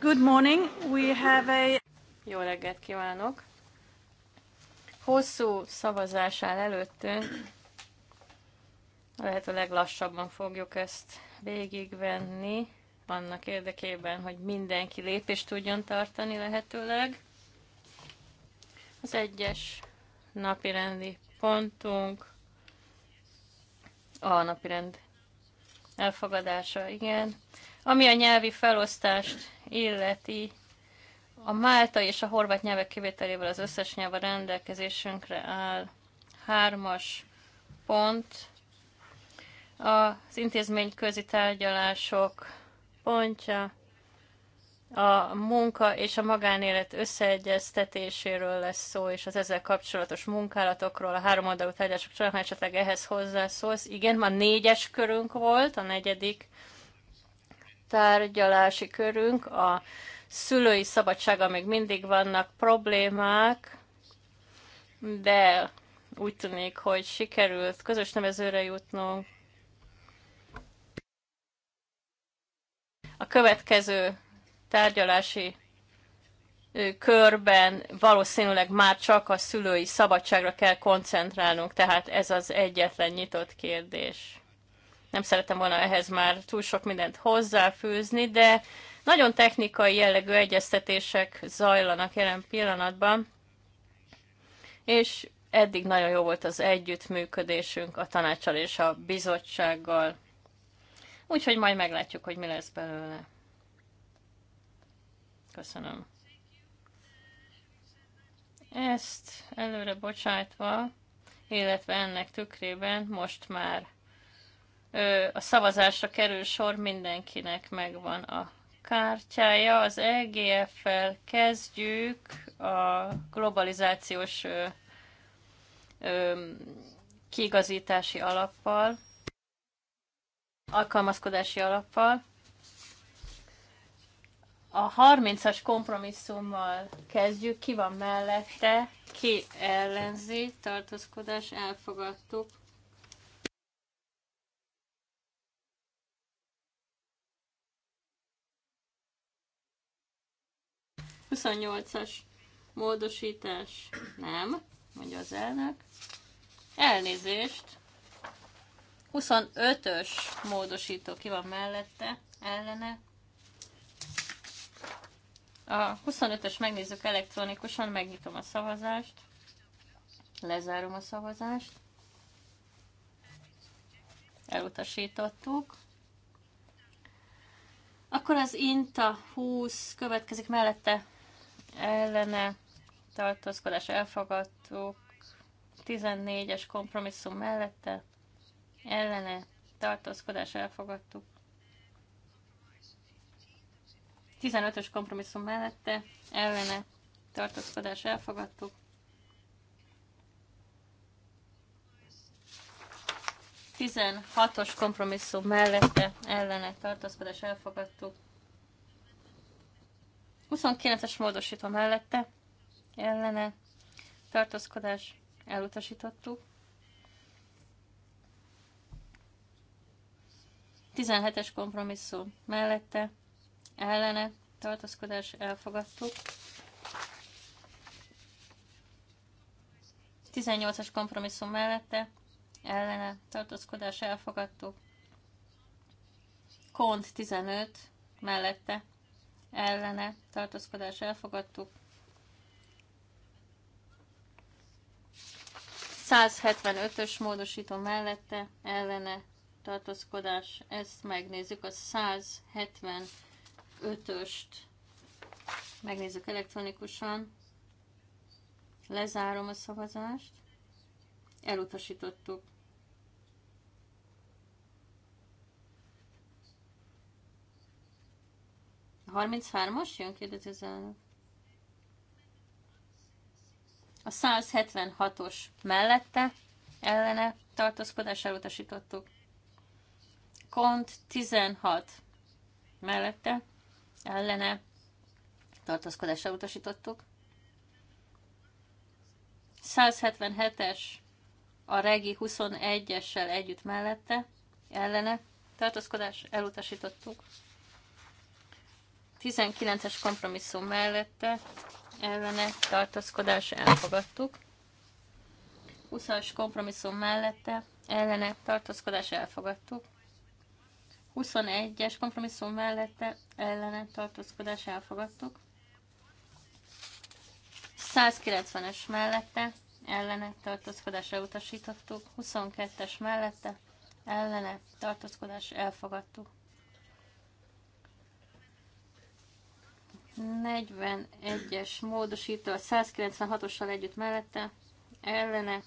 Good morning. We have a... Jó reggelt kívánok! Hosszú szavazás áll előttünk. a leglassabban fogjuk ezt végigvenni, annak érdekében, hogy mindenki lépést tudjon tartani lehetőleg. Az egyes napirendi pontunk a napirend elfogadása, igen. Ami a nyelvi felosztást illeti, a málta és a horvát nyelvek kivételével az összes nyelv a rendelkezésünkre áll. Hármas pont. Az intézmény közi tárgyalások pontja a munka és a magánélet összeegyeztetéséről lesz szó, és az ezzel kapcsolatos munkálatokról, a három oldalú tárgyalások során, ha esetleg ehhez hozzászólsz. Igen, ma négyes körünk volt, a negyedik tárgyalási körünk, a szülői szabadsága még mindig vannak problémák, de úgy tűnik, hogy sikerült közös nevezőre jutnunk. A következő tárgyalási körben valószínűleg már csak a szülői szabadságra kell koncentrálnunk, tehát ez az egyetlen nyitott kérdés nem szeretem volna ehhez már túl sok mindent hozzáfűzni, de nagyon technikai jellegű egyeztetések zajlanak jelen pillanatban, és eddig nagyon jó volt az együttműködésünk a tanácsal és a bizottsággal. Úgyhogy majd meglátjuk, hogy mi lesz belőle. Köszönöm. Ezt előre bocsájtva, illetve ennek tükrében most már a szavazásra kerül sor, mindenkinek megvan a kártyája. Az EGF-fel kezdjük a globalizációs ö, ö, kiigazítási alappal, alkalmazkodási alappal. A 30-as kompromisszummal kezdjük, ki van mellette, ki ellenzi, tartózkodás, elfogadtuk. 28-as módosítás. Nem, mondja az elnök. Elnézést. 25-ös módosító ki van mellette, ellene. A 25-ös megnézzük elektronikusan, megnyitom a szavazást. Lezárom a szavazást. Elutasítottuk. Akkor az INTA 20 következik mellette ellene tartózkodás elfogadtuk, 14-es kompromisszum mellette ellene tartózkodás elfogadtuk. 15-ös kompromisszum mellette ellene tartózkodás elfogadtuk. Tizenhatos kompromisszum mellette ellene tartózkodás elfogadtuk. 29-es módosító mellette ellene tartózkodás elutasítottuk. 17-es kompromisszum mellette ellene tartózkodás elfogadtuk. 18-as kompromisszum mellette ellene tartózkodás elfogadtuk. Kont 15 mellette ellene tartózkodás elfogadtuk. 175-ös módosító mellette ellene tartózkodás, ezt megnézzük, a 175-öst megnézzük elektronikusan, lezárom a szavazást, elutasítottuk. 33-as jön, kérdezi az elnök. A 176-os mellette ellene tartózkodás elutasítottuk. Kont 16 mellette ellene tartózkodás elutasítottuk. 177-es a regi 21-essel együtt mellette ellene tartózkodás elutasítottuk. 19-es kompromisszum mellette ellene tartózkodás elfogadtuk. 20-as kompromisszum mellette ellene tartózkodás elfogadtuk. 21-es kompromisszum mellette ellene tartózkodás elfogadtuk. 190-es mellette ellene tartózkodás elutasítottuk. 22-es mellette ellene tartózkodás elfogadtuk. 41-es módosító a 196-ossal együtt mellette, ellene.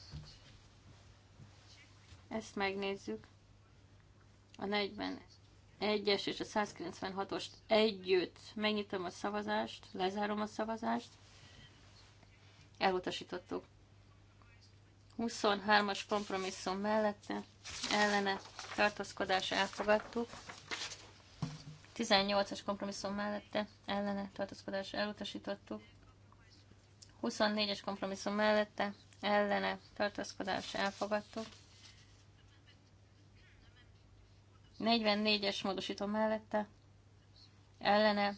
Ezt megnézzük. A 41-es és a 196 os együtt megnyitom a szavazást, lezárom a szavazást. Elutasítottuk. 23-as kompromisszum mellette, ellene tartózkodás elfogadtuk. 18-as kompromisszum mellette ellene tartózkodás elutasítottuk. 24-es kompromisszum mellette ellene tartózkodás elfogadtuk. 44-es módosító mellette ellene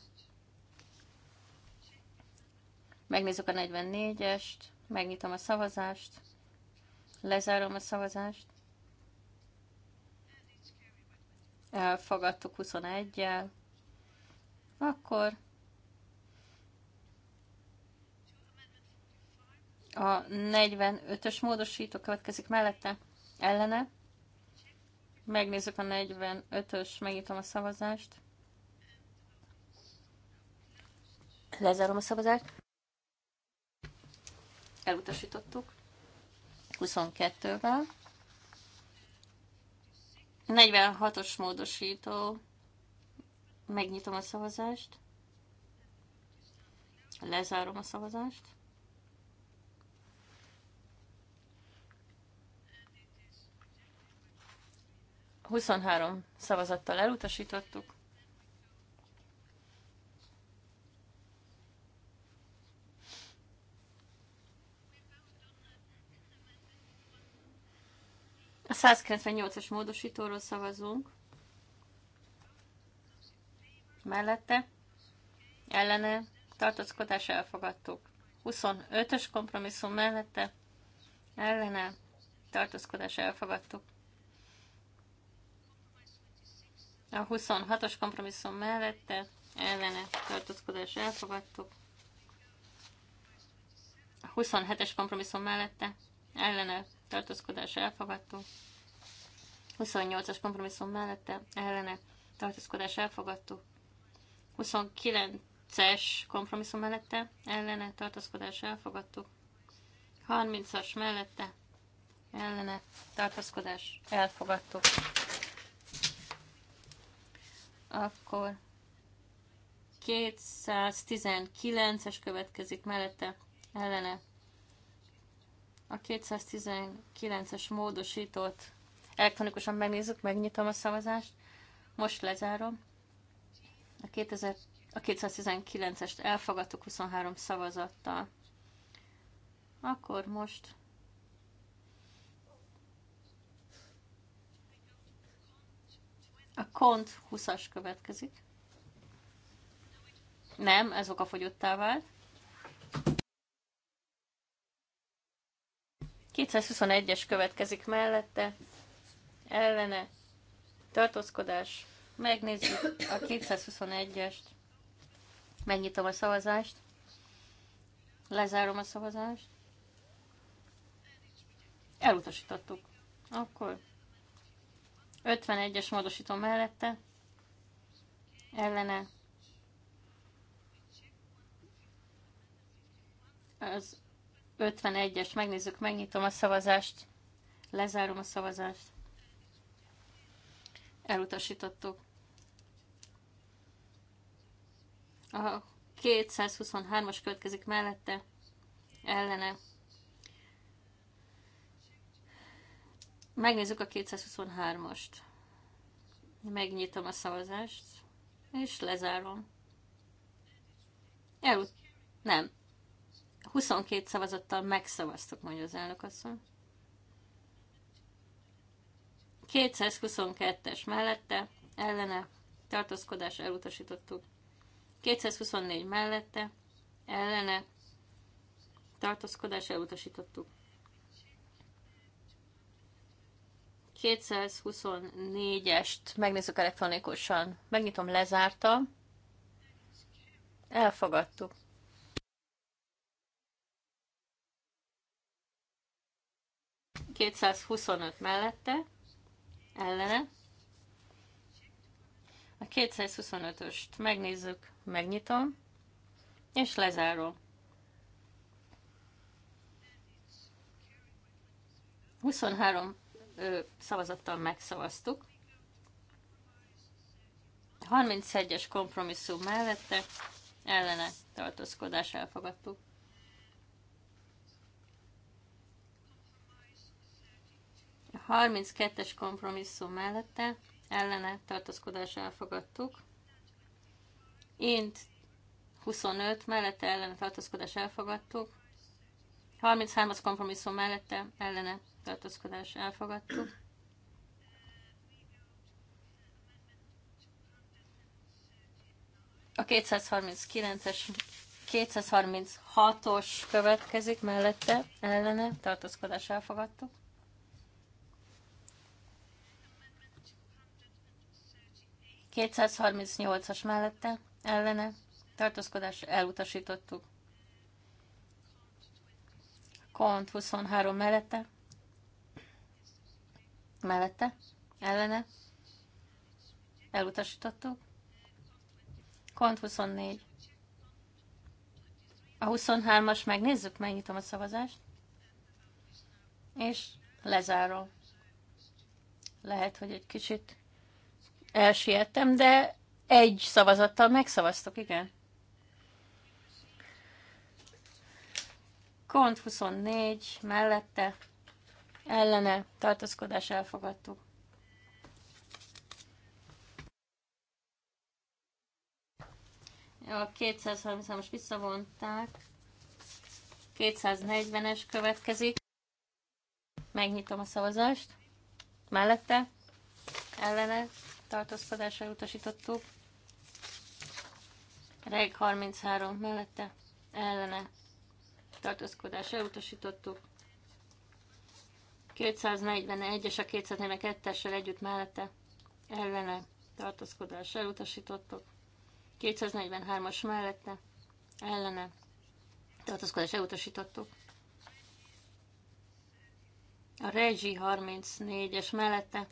megnézzük a 44-est, megnyitom a szavazást, lezárom a szavazást, elfogadtuk 21-jel, akkor a 45-ös módosító következik mellette, ellene. Megnézzük a 45-ös, megnyitom a szavazást. Lezárom a szavazást. Elutasítottuk. 22-vel. 46-os módosító. Megnyitom a szavazást. Lezárom a szavazást. Huszonhárom szavazattal elutasítottuk. A 198-as módosítóról szavazunk. Mellette ellene tartózkodás elfogadtuk. 25-ös kompromisszum mellette ellene tartózkodás elfogadtuk. A 26-os kompromisszum mellette ellene tartózkodás elfogadtuk. A 27-es kompromisszum mellette ellene tartózkodás elfogadtó. 28-as kompromisszum mellette ellene tartózkodás elfogadtó. 29-es kompromisszum mellette ellene tartózkodás elfogadtó. 30-as mellette ellene tartózkodás elfogadtó. Akkor 219-es következik mellette ellene a 219-es módosítót elektronikusan megnézzük, megnyitom a szavazást. Most lezárom. A, 2000, a 219-est elfogadtuk 23 szavazattal. Akkor most a kont 20-as következik. Nem, ez okafogyottá vált. 221-es következik mellette, ellene, tartózkodás. Megnézzük a 221-est. Megnyitom a szavazást. Lezárom a szavazást. Elutasítottuk. Akkor 51-es módosítom mellette, ellene, az 51-es, megnézzük, megnyitom a szavazást, lezárom a szavazást. Elutasítottuk. A 223-as következik mellette, ellene. Megnézzük a 223-ast. Megnyitom a szavazást, és lezárom. Elut... Nem, 22 szavazattal megszavaztuk, mondja az elnök asszony. 222-es mellette, ellene, tartózkodás elutasítottuk. 224 mellette, ellene, tartózkodás elutasítottuk. 224-est megnézzük elektronikusan. Megnyitom, lezárta. Elfogadtuk. 225 mellette, ellene. A 225-öst megnézzük, megnyitom, és lezárom. 23 ö, szavazattal megszavaztuk. 31-es kompromisszum mellette ellene tartózkodás elfogadtuk. 32-es kompromisszum mellette ellene tartózkodás elfogadtuk. Én 25 mellette ellene tartózkodás elfogadtuk. 33-as kompromisszum mellette ellene tartózkodás elfogadtuk. A 239-es 236-os következik mellette, ellene, tartózkodás elfogadtuk. 238-as mellette ellene tartózkodás elutasítottuk. Kont 23 mellette mellette ellene elutasítottuk. Kont 24. A 23-as megnézzük, megnyitom a szavazást. És lezárom. Lehet, hogy egy kicsit elsiettem, de egy szavazattal megszavaztok, igen. Kont 24 mellette ellene tartózkodás elfogadtuk. A 230 as visszavonták. 240-es következik. Megnyitom a szavazást. Mellette, ellene, tartózkodásra elutasítottuk. Reg 33 mellette ellene tartózkodásra elutasítottuk. 241 és a 242-essel együtt mellette ellene tartózkodásra elutasítottuk. 243-as mellette ellene tartózkodás elutasítottuk. A Regi 34-es mellette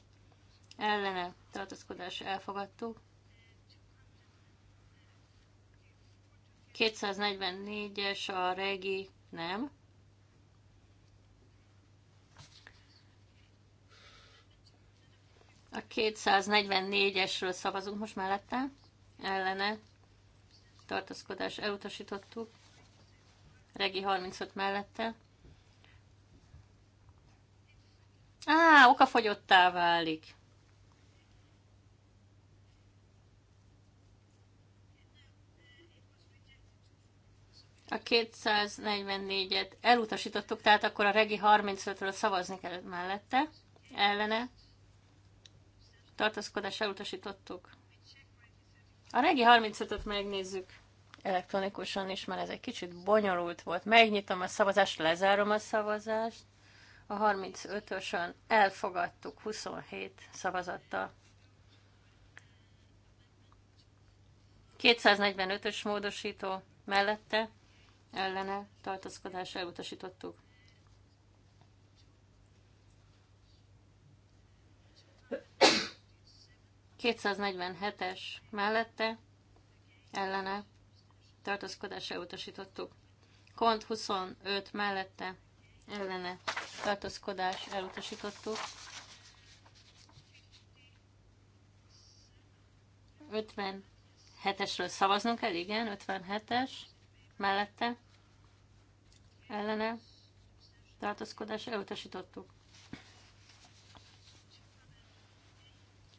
ellene tartózkodás elfogadtuk. 244-es a regi nem. A 244-esről szavazunk most mellette, ellene tartózkodás elutasítottuk. Regi 35 mellette. Á, okafogyottá válik. A 244-et elutasítottuk, tehát akkor a regi 35-ről szavazni kellett mellette, ellene. Tartaszkodás elutasítottuk. A regi 35-öt megnézzük elektronikusan is, mert ez egy kicsit bonyolult volt. Megnyitom a szavazást, lezárom a szavazást. A 35-ösön elfogadtuk 27 szavazattal. 245-ös módosító mellette ellene tartózkodás elutasítottuk. 247 es mellette ellene tartózkodás elutasítottuk. Kont 25 mellette ellene tartózkodás elutasítottuk. 57-esről szavaznunk el, igen, 57-es mellette ellene tartózkodás elutasítottuk.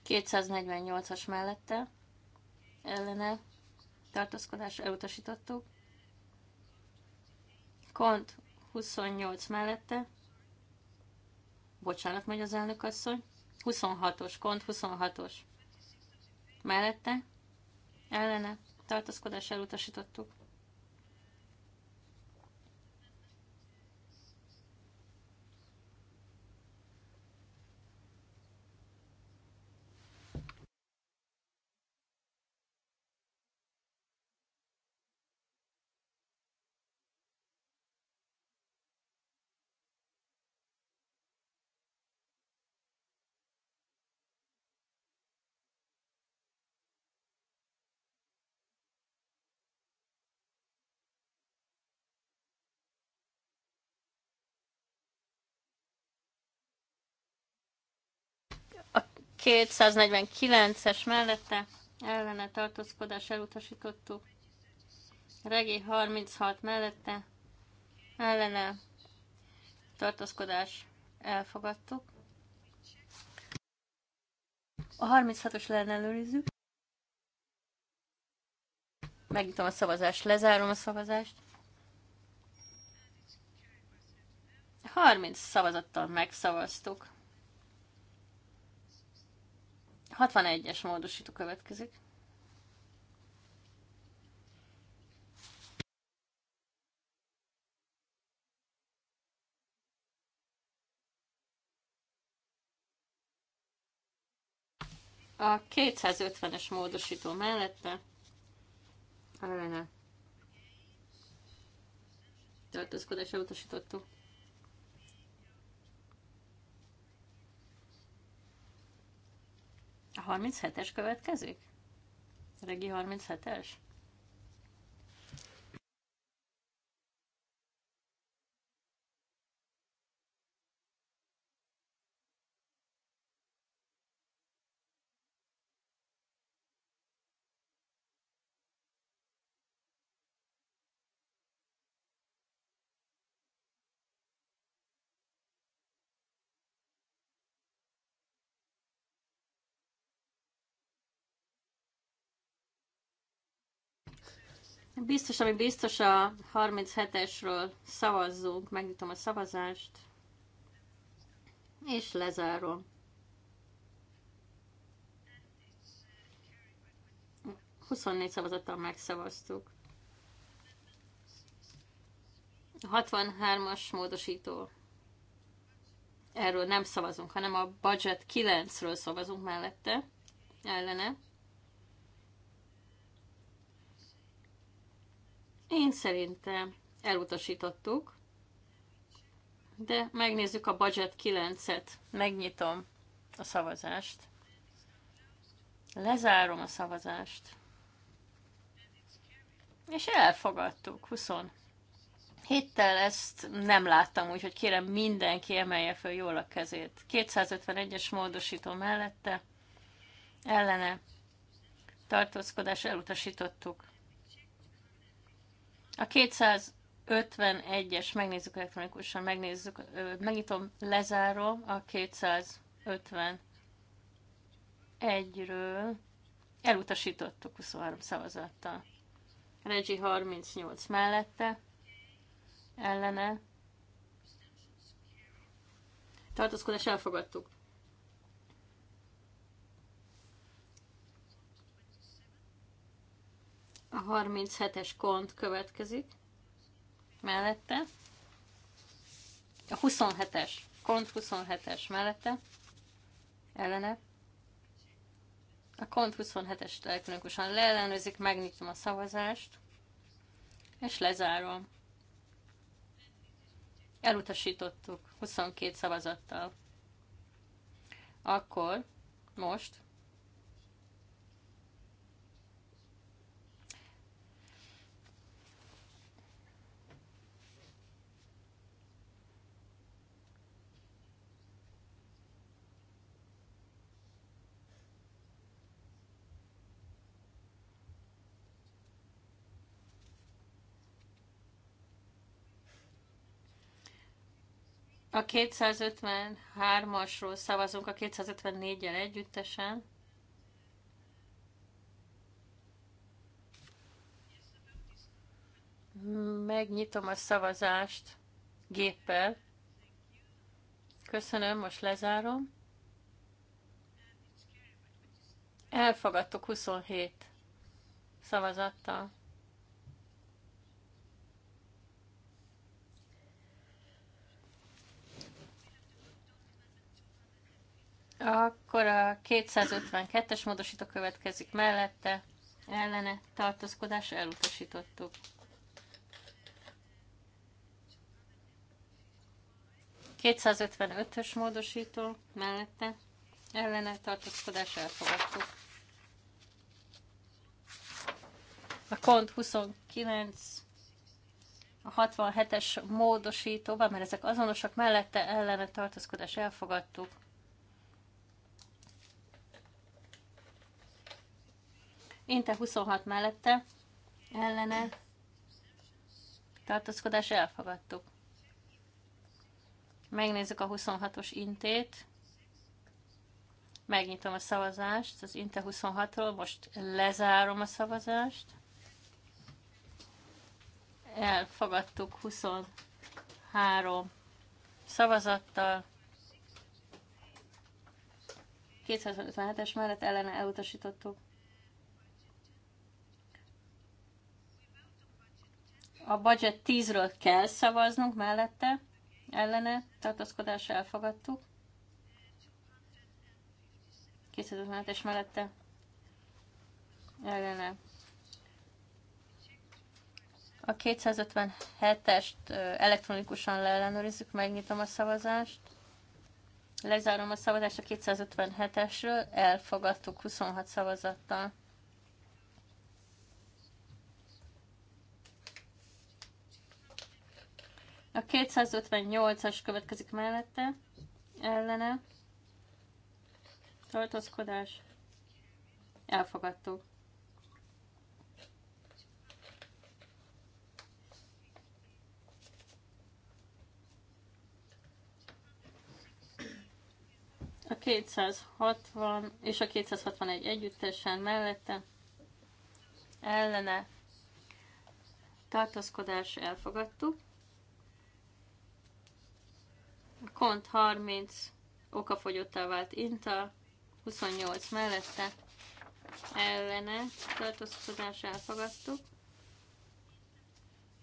248-as mellette ellene tartózkodás elutasítottuk. Kont 28 mellette, bocsánat, megy az elnök asszony, 26-os, kont 26-os mellette, ellene tartózkodás elutasítottuk. 249-es mellette ellene tartózkodás elutasítottuk. Regé 36 mellette ellene tartózkodás elfogadtuk. A 36-os ellenőrizzük. Megnyitom a szavazást, lezárom a szavazást. 30 szavazattal megszavaztuk. 61-es módosító következik. A 250-es módosító mellette a tartózkodásra utasítottuk. A 37-es következik? Regi 37-es? Biztos, ami biztos a 37-esről szavazzunk, megnyitom a szavazást, és lezárom. Huszonnégy szavazattal megszavaztuk. 63-as módosító. Erről nem szavazunk, hanem a budget 9-ről szavazunk mellette, ellene. Én szerintem elutasítottuk, de megnézzük a budget 9-et. Megnyitom a szavazást. Lezárom a szavazást. És elfogadtuk, 20. Héttel ezt nem láttam, úgyhogy kérem mindenki emelje föl jól a kezét. 251-es módosító mellette, ellene, tartózkodás elutasítottuk. A 251-es, megnézzük elektronikusan, megnézzük, megnyitom, lezárom a 251-ről. Elutasítottuk 23 szavazattal. Regi 38 mellette, ellene. Tartózkodás elfogadtuk. A 37-es kont következik mellette. A 27-es, kont 27-es mellette, ellene. A kont 27 es elektronikusan leellenőzik, megnyitom a szavazást, és lezárom. Elutasítottuk 22 szavazattal. Akkor most A 253-asról szavazunk a 254-jel együttesen. Megnyitom a szavazást géppel. Köszönöm, most lezárom. Elfogadtuk 27 szavazattal. Akkor a 252-es módosító következik mellette, ellene tartózkodás elutasítottuk. ös módosító mellette ellene tartózkodás elfogadtuk. A kont 29, a 67-es módosítóban, mert ezek azonosak mellette ellene tartózkodás elfogadtuk. Inte 26 mellette ellene tartózkodás elfogadtuk. Megnézzük a 26-os intét. Megnyitom a szavazást az Inte 26-ról, most lezárom a szavazást. Elfogadtuk 23 szavazattal. 257-es mellett ellene elutasítottuk. A budget 10-ről kell szavaznunk mellette, ellene, tartózkodás elfogadtuk. 257 és mellette, ellene. A 257-est elektronikusan leellenőrizzük, megnyitom a szavazást. Lezárom a szavazást a 257-esről, elfogadtuk 26 szavazattal. 258-as következik mellette, ellene, tartózkodás, Elfogadtó. A 260 és a 261 együttesen mellette ellene tartózkodás elfogadtuk. Kont 30, okafogyottá vált Inta, 28 mellette, ellene tartózkodás elfogadtuk.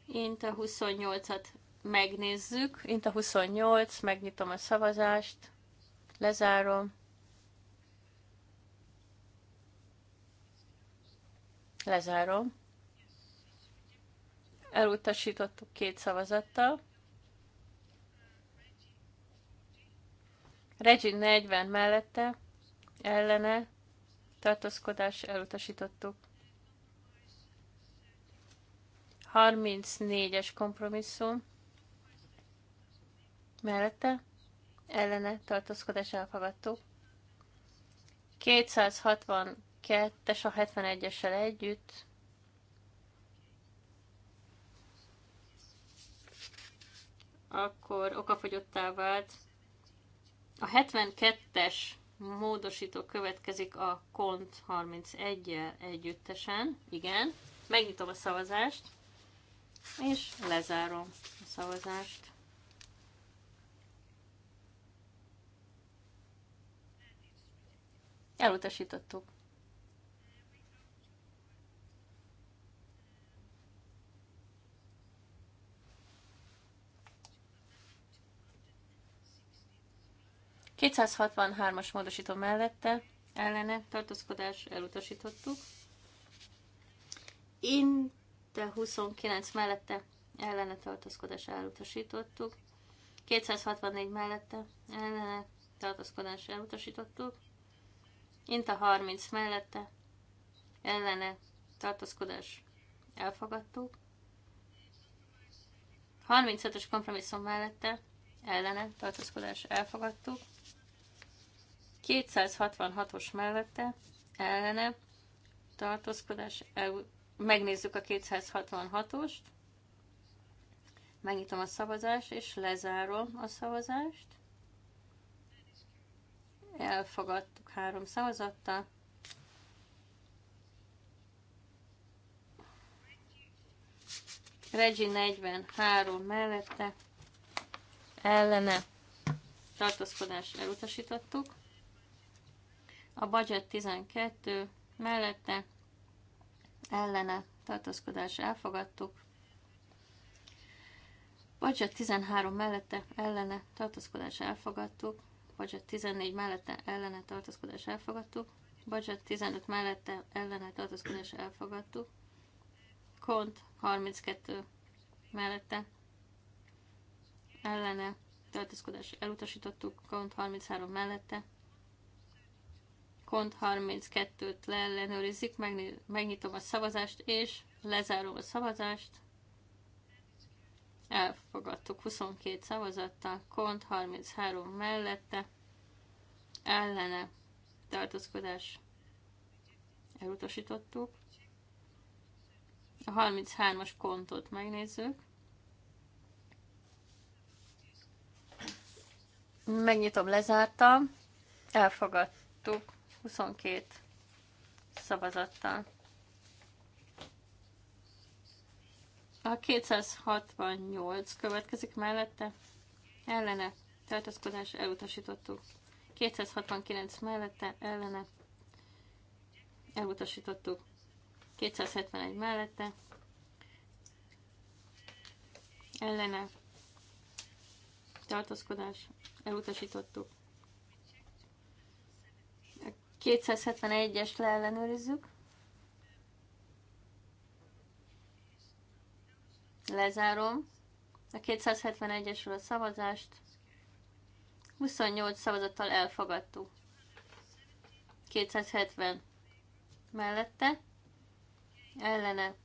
Inta 28-at megnézzük. Inta 28, megnyitom a szavazást, lezárom. Lezárom. Elutasítottuk két szavazattal. Regin 40 mellette ellene tartózkodás elutasítottuk. 34-es kompromisszum mellette ellene tartózkodás elfogadtuk. 262-es a 71-essel együtt akkor okafogyottá vált a 72-es módosító következik a kont 31-jel együttesen. Igen. Megnyitom a szavazást, és lezárom a szavazást. Elutasítottuk. 263-as módosító mellette ellene tartózkodás elutasítottuk. Inte 29 mellette ellene tartózkodás elutasítottuk. 264 mellette ellene tartózkodás elutasítottuk. a 30 mellette ellene tartózkodás elfogadtuk. 35-ös kompromisszum mellette ellene tartózkodás elfogadtuk. 266-os mellette ellene tartózkodás, el, megnézzük a 266-ost, megnyitom a szavazást, és lezárom a szavazást. Elfogadtuk három szavazattal. 43 mellette ellene tartózkodás elutasítottuk a budget 12 mellette ellene tartózkodás elfogadtuk, budget 13 mellette ellene tartózkodás elfogadtuk, budget 14 mellette ellene tartózkodás elfogadtuk, budget 15 mellette ellene tartózkodás elfogadtuk, kont 32 mellette ellene tartózkodás elutasítottuk, kont 33 mellette Kont 32-t leellenőrizik, megnyitom a szavazást, és lezárom a szavazást. Elfogadtuk 22 szavazattal, Kont 33 mellette, ellene tartózkodás elutasítottuk. A 33-as kontot megnézzük. Megnyitom, lezártam, elfogadtuk 22 szavazattal. A 268 következik mellette, ellene, tartózkodás elutasítottuk. 269 mellette, ellene, elutasítottuk. 271 mellette, ellene, tartózkodás elutasítottuk. 271-est leellenőrizzük. Lezárom a 271-esről a szavazást. 28 szavazattal elfogadtuk. 270 mellette, ellene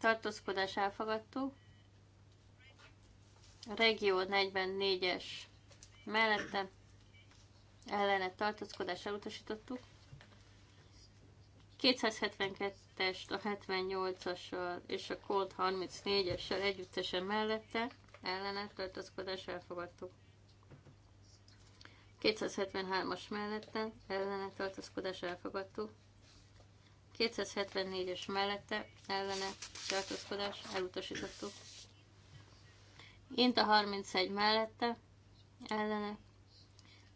tartózkodás elfogadtuk. Regió 44-es mellette, ellene tartózkodás elutasítottuk. 272-est, a 78-assal és a Colt 34-essel együttesen mellette ellene tartózkodás elfogadtuk. 273-as mellette ellene tartózkodás elfogadtuk. 274-es mellette ellene tartózkodás elutasítottuk. Int a 31 mellette ellene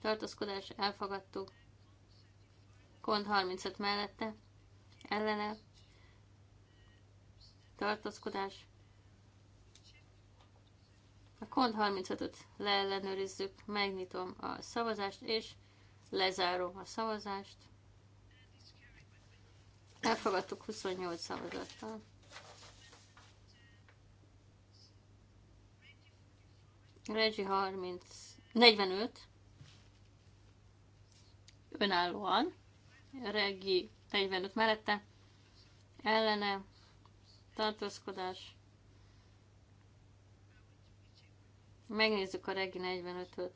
tartózkodás elfogadtuk. Kont 35 mellette, ellene, tartózkodás. A Kont 35-öt leellenőrizzük, megnyitom a szavazást, és lezárom a szavazást. Elfogadtuk 28 szavazattal. Regi 30, 45, önállóan. reggi 45 mellette ellene tartózkodás. Megnézzük a reggi 45-öt.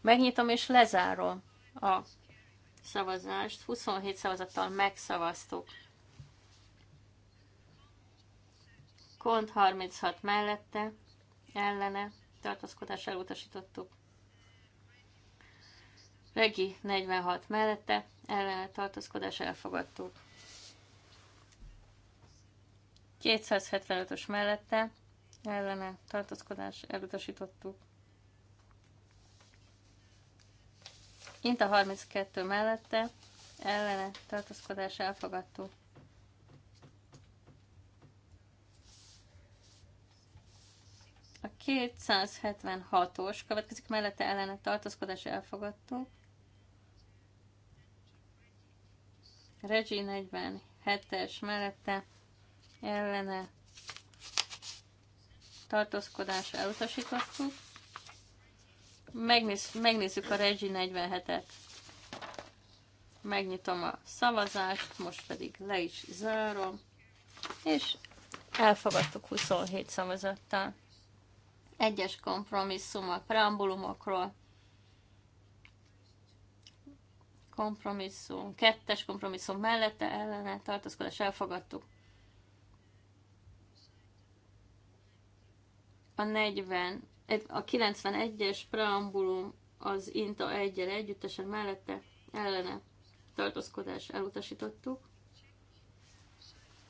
Megnyitom és lezárom a szavazást. 27 szavazattal megszavaztuk. Kont 36 mellette, ellene, tartózkodás elutasítottuk. Regi 46 mellette ellene tartózkodás elfogadtuk. 275-ös mellette ellene tartózkodás elutasítottuk. Inta 32 mellette ellene tartózkodás elfogadtuk. 276-os következik mellette ellene tartózkodás elfogadtó. Regi 47-es mellette ellene tartózkodás elutasítottuk. Megnéz, megnézzük a Regi 47-et. Megnyitom a szavazást, most pedig le is zárom, és elfogadtuk 27 szavazattal egyes kompromisszumok, preambulumokról, kompromisszum, kettes kompromisszum mellette ellene tartózkodás elfogadtuk. A 40, a 91-es preambulum az INTA 1 együttesen mellette ellene tartózkodás elutasítottuk.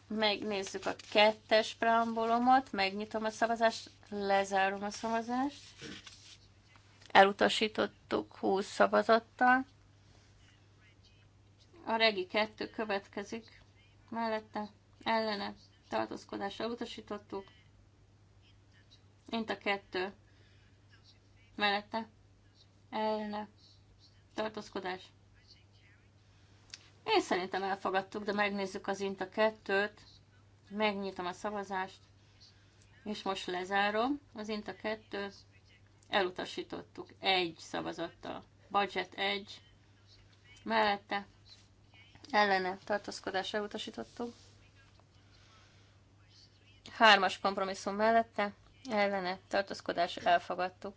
Megnézzük a kettes preambulumot, megnyitom a szavazást, Lezárom a szavazást. Elutasítottuk 20 szavazattal. A regi 2 következik. Mellette, ellene, tartózkodás elutasítottuk. Mint a 2. Mellette, ellene, tartózkodás. Én szerintem elfogadtuk, de megnézzük az Inta 2-t. Megnyitom a szavazást. És most lezárom. Az Inta 2 elutasítottuk egy szavazattal. Budget 1 mellette ellene tartózkodás elutasítottuk. Hármas kompromisszum mellette ellene tartózkodás elfogadtuk.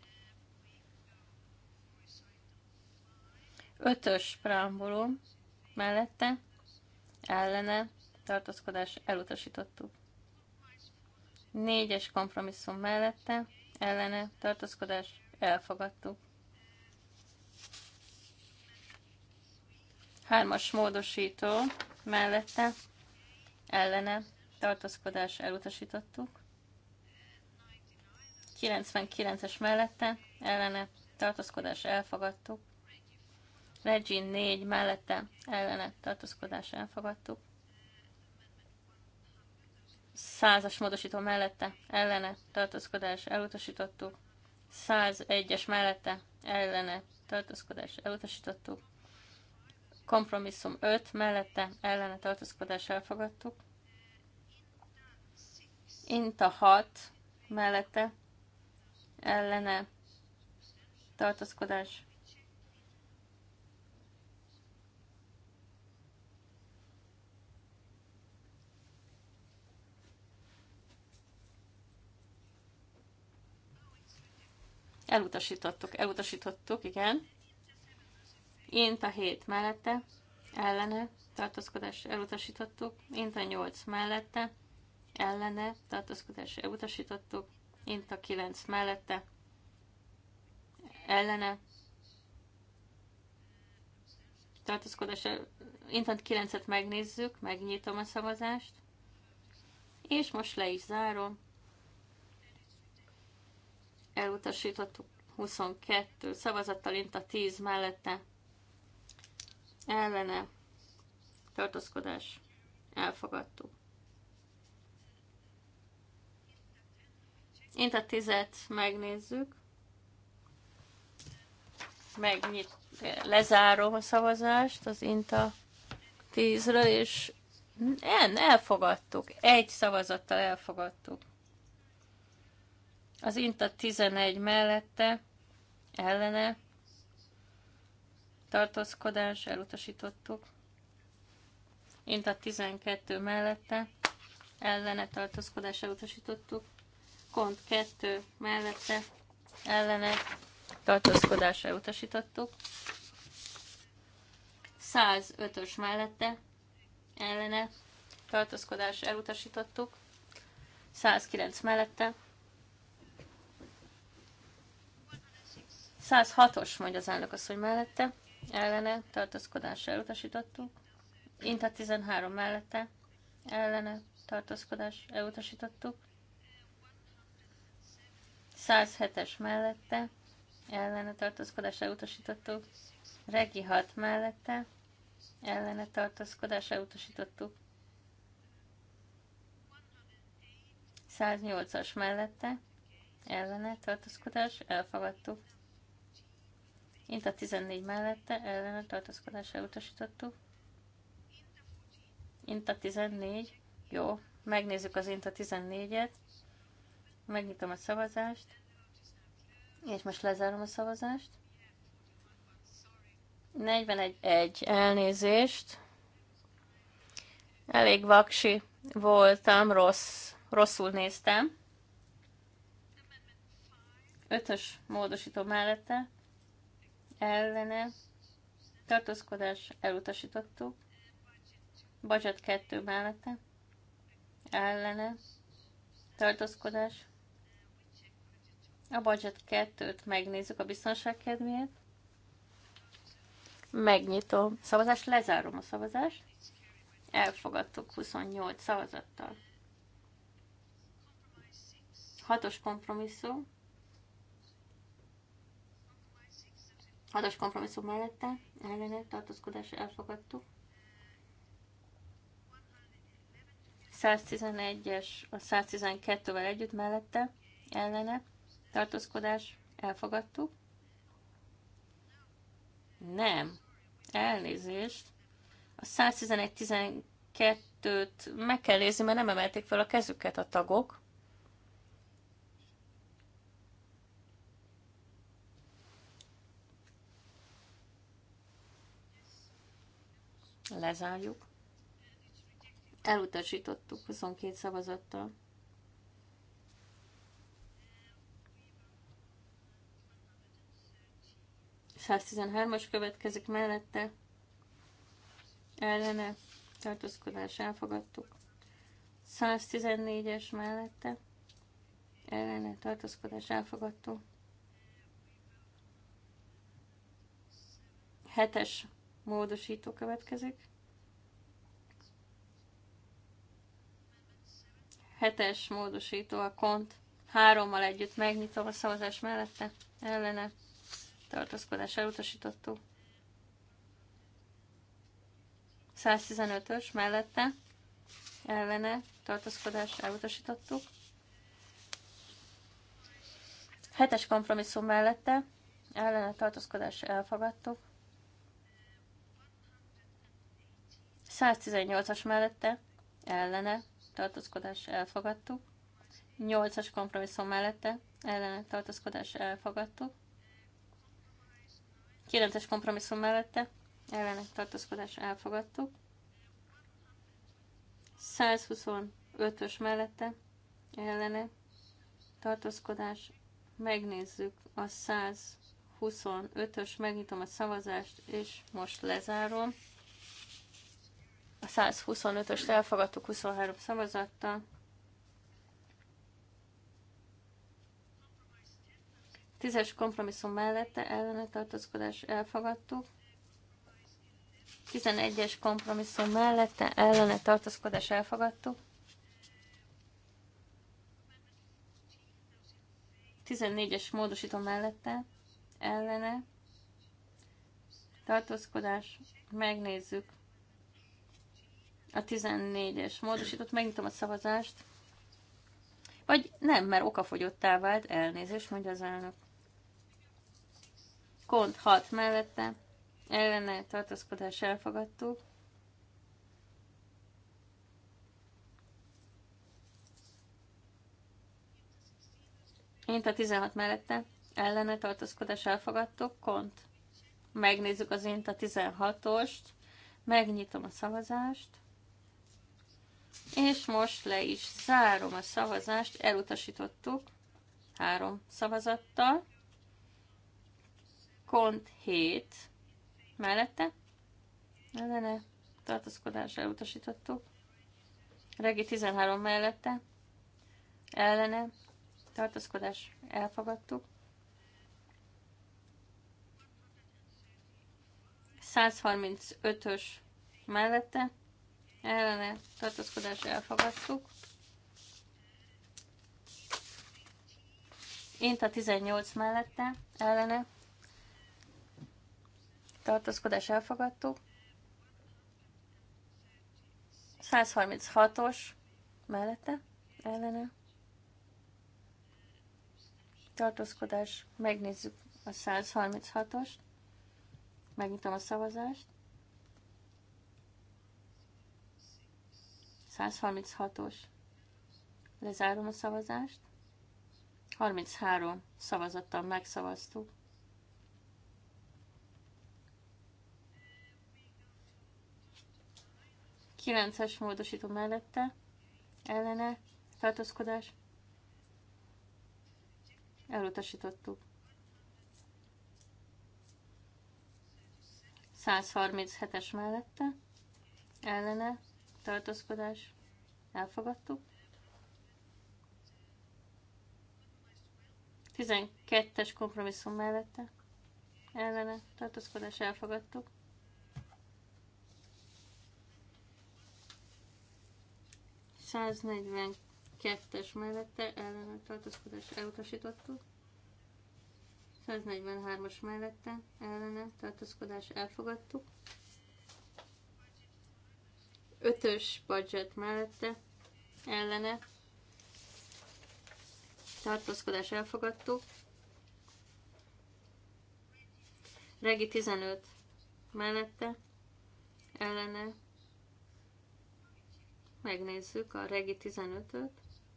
Ötös preambulum mellette ellene tartózkodás elutasítottuk. Négyes kompromisszum mellette, ellene tartózkodás elfogadtuk. Hármas módosító mellette, ellene tartózkodás elutasítottuk. 99-es mellette, ellene tartózkodás elfogadtuk. Regin 4 mellette, ellene tartózkodás elfogadtuk százas módosító mellette ellene tartózkodás elutasítottuk. 101-es mellette ellene tartózkodás elutasítottuk. Kompromisszum 5 mellette ellene tartózkodás elfogadtuk. Inta 6 mellette ellene tartózkodás Elutasítottuk, elutasítottuk, igen. Én a 7 mellette, ellene, tartózkodás elutasítottuk. Én a 8 mellette, ellene, tartózkodás elutasítottuk. Én a 9 mellette, ellene, tartózkodás, Én a 9-et megnézzük, megnyitom a szavazást. És most le is zárom elutasítottuk 22 szavazattal, mint a 10 mellette ellene tartózkodás elfogadtuk. Int a 10 megnézzük, megnyit, lezárom a szavazást az Inta 10-ről, és nem, elfogadtuk. Egy szavazattal elfogadtuk. Az INTA 11 mellette ellene tartózkodás elutasítottuk. INTA 12 mellette ellene tartózkodás elutasítottuk. Kont 2 mellette ellene tartózkodás elutasítottuk. 105-ös mellette ellene tartózkodás elutasítottuk. 109 mellette 106-os, mondja az elnök asszony mellette, ellene tartózkodás elutasítottuk. Inta 13 mellette, ellene tartózkodás elutasítottuk. 107-es mellette, ellene tartózkodás elutasítottuk. Regi 6 mellette, ellene tartózkodás elutasítottuk. 108-as mellette, ellene tartózkodás elfogadtuk a 14 mellette ellene tartózkodás elutasítottuk. a 14. Jó, megnézzük az Int a 14-et. Megnyitom a szavazást. És most lezárom a szavazást. 41-1 elnézést. Elég vaksi voltam, rossz, rosszul néztem. Ötös módosító mellette ellene tartózkodás elutasítottuk. Budget 2 mellette ellene tartózkodás. A budget 2-t megnézzük a biztonság kedvéért. Megnyitom. szavazás lezárom a szavazást. Elfogadtuk 28 szavazattal. Hatos kompromisszum Hatos kompromisszum mellette ellene tartózkodás elfogadtuk. 111-es a 112-vel együtt mellette ellene tartózkodás elfogadtuk. Nem. Elnézést. A 111-12-t meg kell nézni, mert nem emelték fel a kezüket a tagok. Lezárjuk. Elutasítottuk 22 szavazattal. as következik mellette. Ellene tartózkodás elfogadtuk. 114-es mellette. Ellene tartózkodás elfogadtuk. 7-es módosító következik. Hetes módosító a kont. Hárommal együtt megnyitom a szavazás mellette. Ellene tartózkodás elutasítottuk. 115-ös mellette ellene tartózkodás elutasítottuk. 7-es kompromisszum mellette ellene tartózkodás elfogadtuk. 118-as mellette ellene tartózkodás elfogadtuk. 8-as kompromisszum mellette ellene tartózkodás elfogadtuk. 9-es kompromisszum mellette ellene tartózkodás elfogadtuk. 125-ös mellette ellene tartózkodás. Megnézzük a 125-ös, megnyitom a szavazást, és most lezárom. 125-öst elfogadtuk 23 szavazattal. 10 kompromisszum mellette ellene tartózkodás elfogadtuk. 11-es kompromisszum mellette ellene tartózkodás elfogadtuk. 14-es módosító mellette ellene tartózkodás. Megnézzük a 14-es módosított, megnyitom a szavazást. Vagy nem, mert okafogyottá vált, elnézést, mondja az elnök. Kont 6 mellette, ellene tartózkodás elfogadtuk. én a 16 mellette, ellene tartózkodás elfogadtuk, kont. Megnézzük az int a 16-ost, megnyitom a szavazást. És most le is zárom a szavazást, elutasítottuk három szavazattal. Kont 7 mellette, ellene tartózkodás elutasítottuk. Regi 13 mellette, ellene tartózkodás elfogadtuk. 135-ös mellette, ellene tartózkodás elfogadtuk. Int a 18 mellette ellene tartózkodás elfogadtuk. 136-os mellette ellene tartózkodás, megnézzük a 136-ost, megnyitom a szavazást. 136-os. Lezárom a szavazást. 33 szavazattal megszavaztuk. Kilences módosító mellette, ellene, tartózkodás. Elutasítottuk. 137-es mellette, ellene, tartózkodás, elfogadtuk. 12-es kompromisszum mellette, ellene, tartózkodás, elfogadtuk. 142-es mellette ellene tartózkodás elutasítottuk. 143-as mellette ellene tartózkodás elfogadtuk ötös budget mellette ellene tartózkodás elfogadtuk. Regi 15 mellette ellene megnézzük a Regi 15-öt,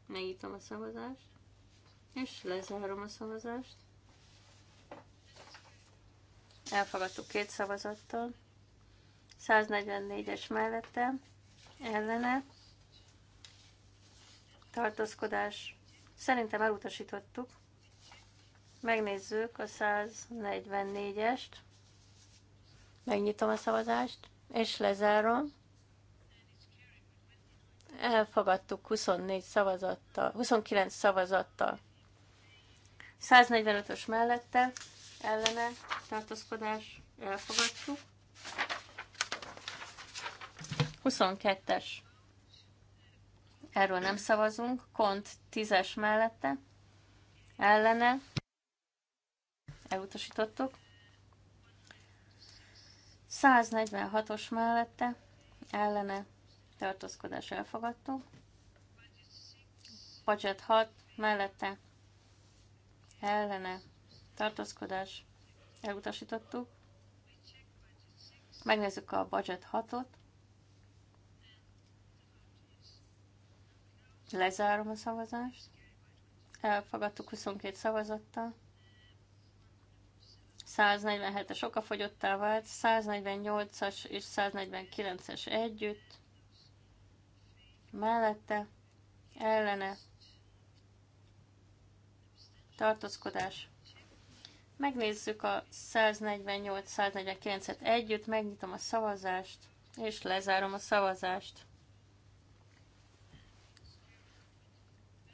megítom a szavazást, és lezárom a szavazást. Elfogadtuk két szavazattal. 144-es mellette ellene tartózkodás. Szerintem elutasítottuk. Megnézzük a 144-est. Megnyitom a szavazást, és lezárom. Elfogadtuk 24 szavazattal, 29 szavazattal. 145-ös mellette ellene tartózkodás elfogadtuk. 22-es. Erről nem szavazunk. Kont 10-es mellette. Ellene. Elutasítottuk. 146-os mellette. Ellene. Tartózkodás elfogadtuk. Budget 6 mellette. Ellene. Tartózkodás elutasítottuk. Megnézzük a budget 6-ot. Lezárom a szavazást. Elfogadtuk 22 szavazattal. 147-es okafogyottá vált, 148-as és 149-es együtt. Mellette, ellene, tartózkodás. Megnézzük a 148-149-et együtt, megnyitom a szavazást, és lezárom a szavazást.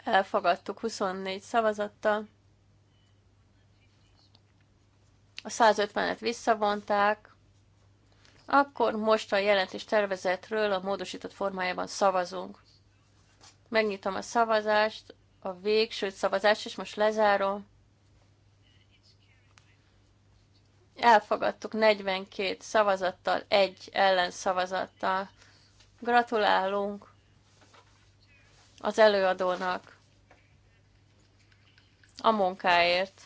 elfogadtuk 24 szavazattal. A 150-et visszavonták, akkor most a jelentés tervezetről a módosított formájában szavazunk. Megnyitom a szavazást, a végső szavazást, és most lezárom. Elfogadtuk 42 szavazattal, egy ellenszavazattal. Gratulálunk az előadónak! a munkáért.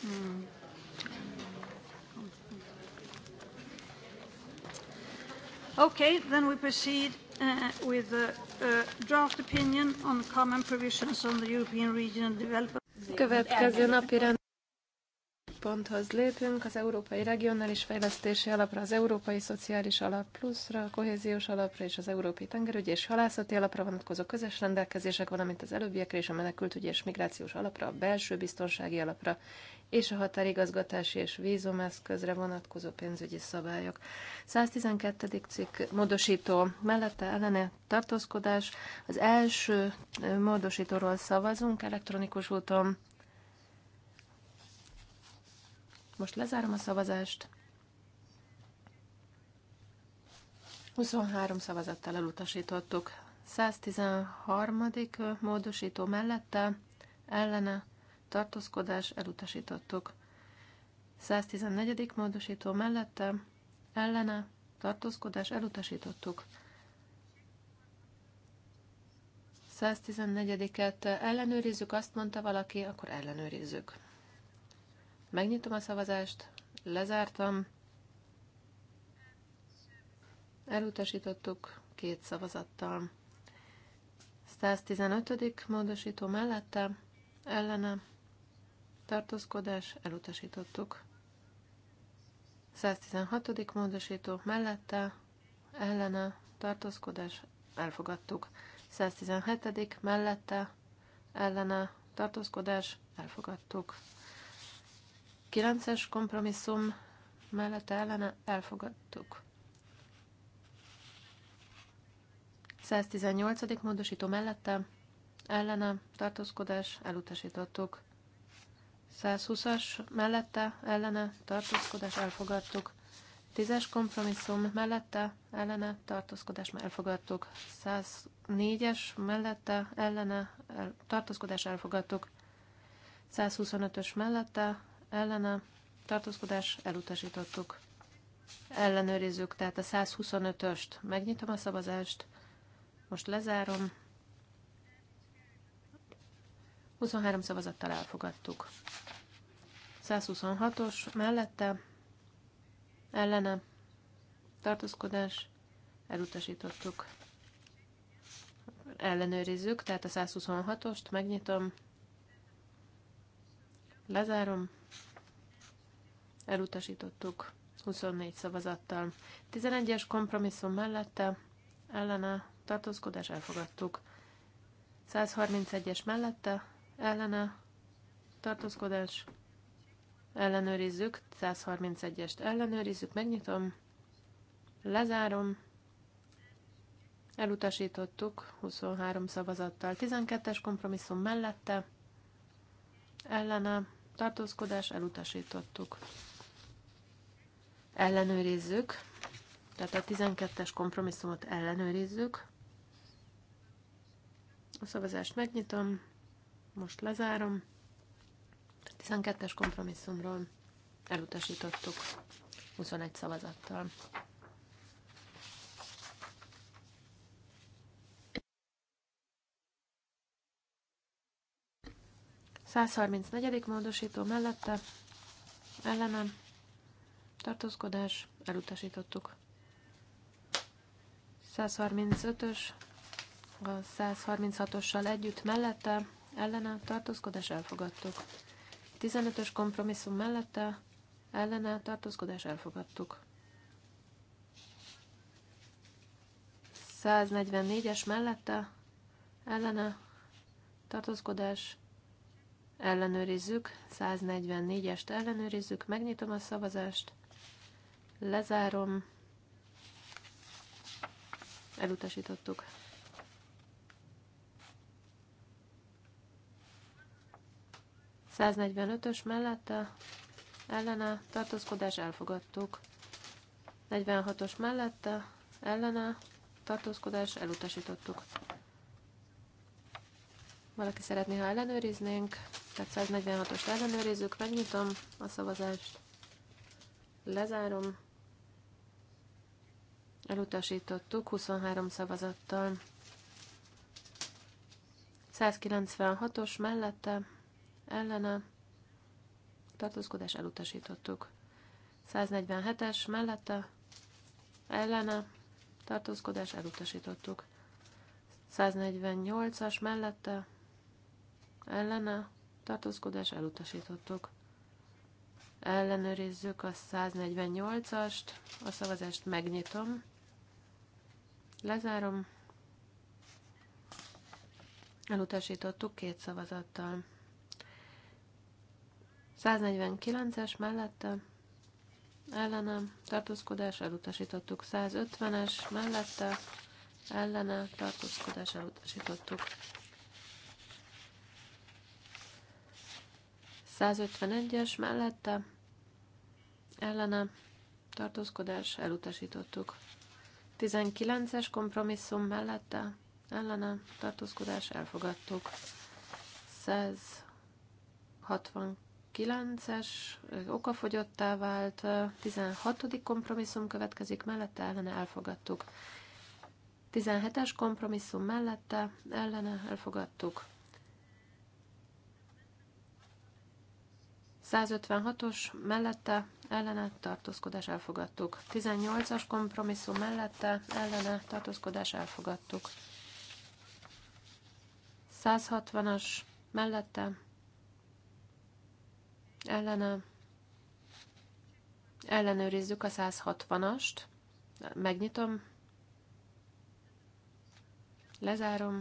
Hmm. Okay, then we proceed uh, with a, a draft opinion on common provisions on the European Regional Development. Következő napi ponthoz lépünk, az Európai Regionális Fejlesztési Alapra, az Európai Szociális Alap Pluszra, a Kohéziós Alapra és az Európai Tengerügyi és Halászati Alapra vonatkozó közös rendelkezések, valamint az előbbiekre és a Menekültügyi és Migrációs Alapra, a Belső Biztonsági Alapra és a határigazgatási és vízumeszközre vonatkozó pénzügyi szabályok. 112. cikk módosító mellette ellene tartózkodás. Az első módosítóról szavazunk elektronikus úton. Most lezárom a szavazást. 23 szavazattal elutasítottuk. 113. módosító mellette ellene tartózkodás elutasítottuk. 114. módosító mellette, ellene, tartózkodás elutasítottuk. 114-et ellenőrizzük, azt mondta valaki, akkor ellenőrizzük. Megnyitom a szavazást, lezártam, elutasítottuk két szavazattal. 115. módosító mellette, ellene, tartózkodás, elutasítottuk. 116. módosító mellette, ellene, tartózkodás, elfogadtuk. 117. mellette, ellene, tartózkodás, elfogadtuk. 9-es kompromisszum mellette, ellene, elfogadtuk. 118. módosító mellette, ellene, tartózkodás, elutasítottuk. 120-as mellette, ellene, tartózkodás elfogadtuk. 10-es kompromisszum mellette, ellene, tartózkodás elfogadtuk. 104-es mellette, ellene, el, tartózkodás elfogadtuk. 125-ös mellette, ellene, tartózkodás elutasítottuk. Ellenőrizzük, tehát a 125-öst. Megnyitom a szavazást. Most lezárom. 23 szavazattal elfogadtuk. 126-os mellette ellene tartózkodás elutasítottuk. Ellenőrizzük, tehát a 126-ost megnyitom, lezárom, elutasítottuk 24 szavazattal. 11-es kompromisszum mellette ellene tartózkodás elfogadtuk. 131-es mellette ellene tartózkodás. Ellenőrizzük, 131-est ellenőrizzük, megnyitom, lezárom. Elutasítottuk 23 szavazattal, 12-es kompromisszum mellette, ellene tartózkodás, elutasítottuk. Ellenőrizzük, tehát a 12-es kompromisszumot ellenőrizzük. A szavazást megnyitom, most lezárom. 12-es kompromisszumról elutasítottuk 21 szavazattal. 134. módosító mellette ellenem tartózkodás elutasítottuk. 135-ös a 136-ossal együtt mellette ellene tartózkodás elfogadtuk. 15-ös kompromisszum mellette ellene tartózkodás elfogadtuk. 144-es mellette ellene tartózkodás ellenőrizzük, 144-est ellenőrizzük, megnyitom a szavazást, lezárom, elutasítottuk. 145-ös mellette ellene tartózkodás elfogadtuk. 46-os mellette ellene tartózkodás elutasítottuk. Valaki szeretné, ha ellenőriznénk, tehát 146-ost ellenőrizzük, megnyitom a szavazást, lezárom, elutasítottuk 23 szavazattal. 196-os mellette ellene tartózkodás elutasítottuk. 147-es mellette ellene tartózkodás elutasítottuk. 148-as mellette ellene tartózkodás elutasítottuk. Ellenőrizzük a 148-ast, a szavazást megnyitom, lezárom, elutasítottuk két szavazattal. 149-es mellette ellenem tartózkodás elutasítottuk. 150-es mellette ellene tartózkodás elutasítottuk. 151-es mellette ellene tartózkodás elutasítottuk. 19-es kompromisszum mellette ellene tartózkodás elfogadtuk. 160 9-es okafogyottá vált, 16. kompromisszum következik, mellette ellene elfogadtuk. 17-es kompromisszum mellette ellene elfogadtuk. 156-os mellette ellene tartózkodás elfogadtuk. 18-as kompromisszum mellette ellene tartózkodás elfogadtuk. 160-as mellette ellene. Ellenőrizzük a 160-ast. Megnyitom. Lezárom.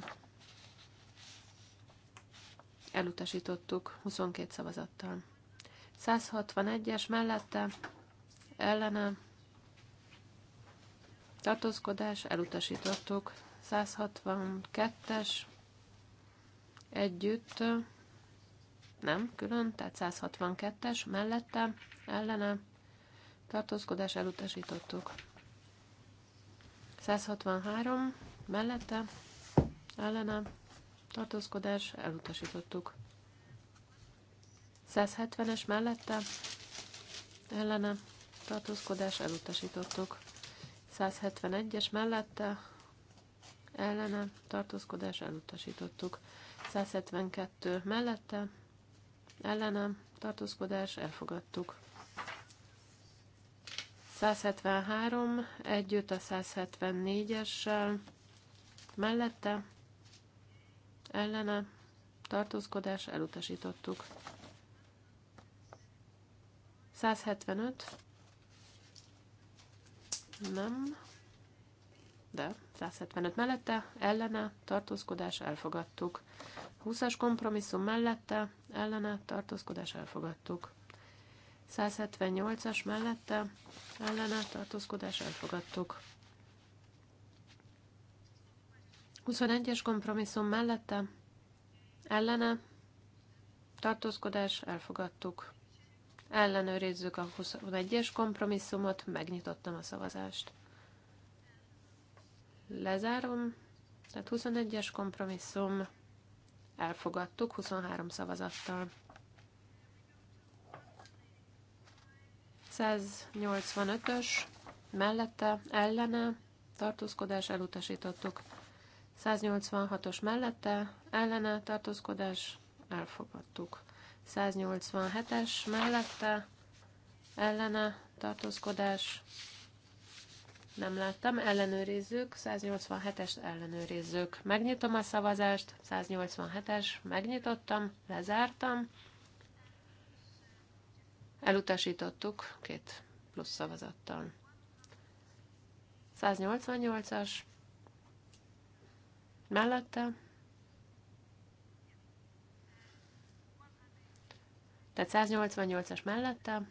Elutasítottuk 22 szavazattal. 161-es mellette, ellene, tartózkodás, elutasítottuk. 162-es, együtt, nem, külön, tehát 162-es mellette, ellene, tartózkodás elutasítottuk. 163 mellette, ellene, tartózkodás elutasítottuk. 170-es mellette, ellene, tartózkodás elutasítottuk. 171-es mellette, ellene, tartózkodás elutasítottuk. 172 mellette, ellenem tartózkodás elfogadtuk. 173 együtt a 174-essel mellette ellene tartózkodás elutasítottuk. 175 nem, de 175 mellette ellene tartózkodás elfogadtuk. 20-as kompromisszum mellette, ellene tartózkodás elfogadtuk. 178-as mellette, ellene tartózkodás elfogadtuk. 21-es kompromisszum mellette, ellene tartózkodás elfogadtuk. Ellenőrizzük a 21-es kompromisszumot, megnyitottam a szavazást. Lezárom, tehát 21-es kompromisszum elfogadtuk 23 szavazattal. 185-ös mellette, ellene, tartózkodás elutasítottuk. 186-os mellette, ellene, tartózkodás elfogadtuk. 187-es mellette, ellene, tartózkodás nem láttam. Ellenőrizzük. 187 es ellenőrizzük. Megnyitom a szavazást. 187-es. Megnyitottam. Lezártam. Elutasítottuk két plusz szavazattal. 188-as. Mellette. Tehát 188-as mellette.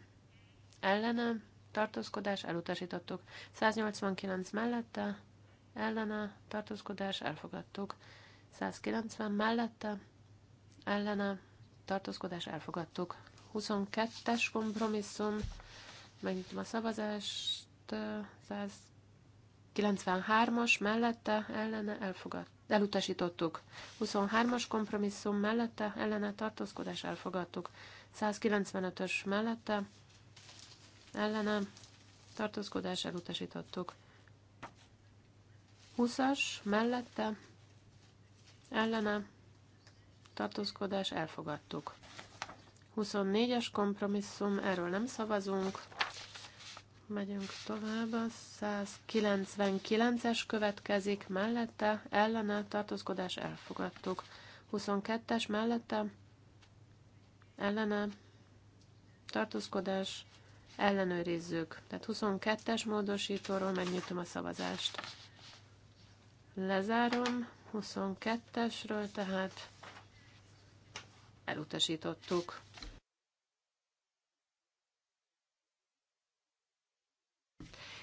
Ellenem tartózkodás, elutasítottuk. 189 mellette, ellene, tartózkodás, elfogadtuk. 190 mellette, ellene, tartózkodás, elfogadtuk. 22-es kompromisszum, megnyitom a szavazást, 193-as mellette, ellene, elfogadtuk elutasítottuk. 23-as kompromisszum mellette ellene tartózkodás elfogadtuk. 195-ös mellette ellene tartózkodás elutasítottuk. 20-as mellette ellene tartózkodás elfogadtuk. 24-es kompromisszum, erről nem szavazunk. Megyünk tovább, 199-es következik, mellette ellene tartózkodás elfogadtuk. 22-es mellette ellene tartózkodás ellenőrizzük. Tehát 22-es módosítóról megnyitom a szavazást. Lezárom 22-esről, tehát elutasítottuk.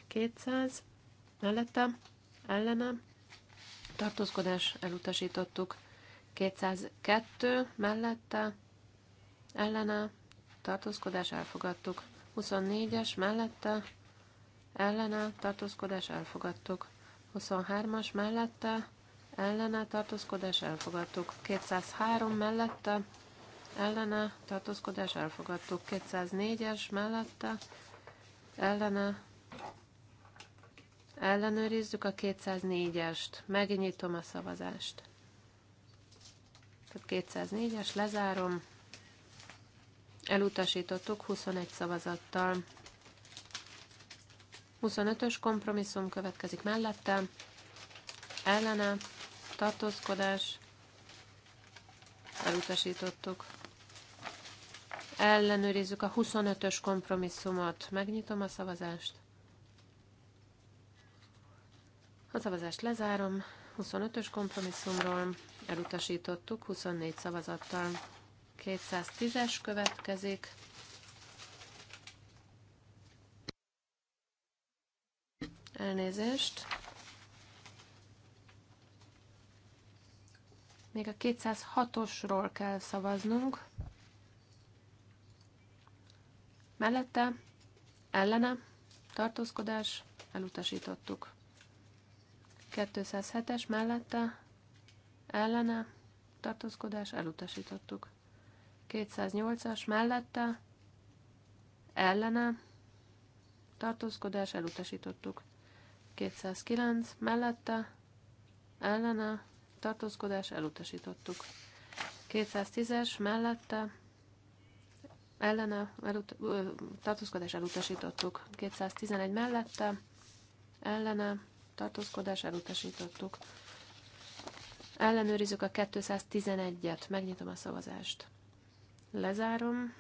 Kétszáz, mellette, ellene, tartózkodás elutasítottuk. 202 mellette, ellene, tartózkodás elfogadtuk. 24-es mellette ellene tartózkodás elfogadtuk. 23-as mellette ellene tartózkodás elfogadtuk. 203 mellette ellene tartózkodás elfogadtuk. 204-es mellette ellene ellenőrizzük a 204-est. Megnyitom a szavazást. 204-es, lezárom. Elutasítottuk 21 szavazattal. 25-ös kompromisszum következik mellette. Ellene, tartózkodás, elutasítottuk. Ellenőrizzük a 25-ös kompromisszumot. Megnyitom a szavazást. A szavazást lezárom. 25-ös kompromisszumról elutasítottuk 24 szavazattal. 210-es következik. Elnézést. Még a 206-osról kell szavaznunk. Mellette, ellene, tartózkodás, elutasítottuk. 207-es mellette, ellene, tartózkodás, elutasítottuk. 208-as mellette, ellene, tartózkodás, elutasítottuk. 209 mellette, ellene, tartózkodás, elutasítottuk. 210-es mellette, ellene, elut tartózkodás, elutasítottuk. 211 mellette, ellene, tartózkodás, elutasítottuk. Ellenőrizzük a 211-et, megnyitom a szavazást. Lezárom.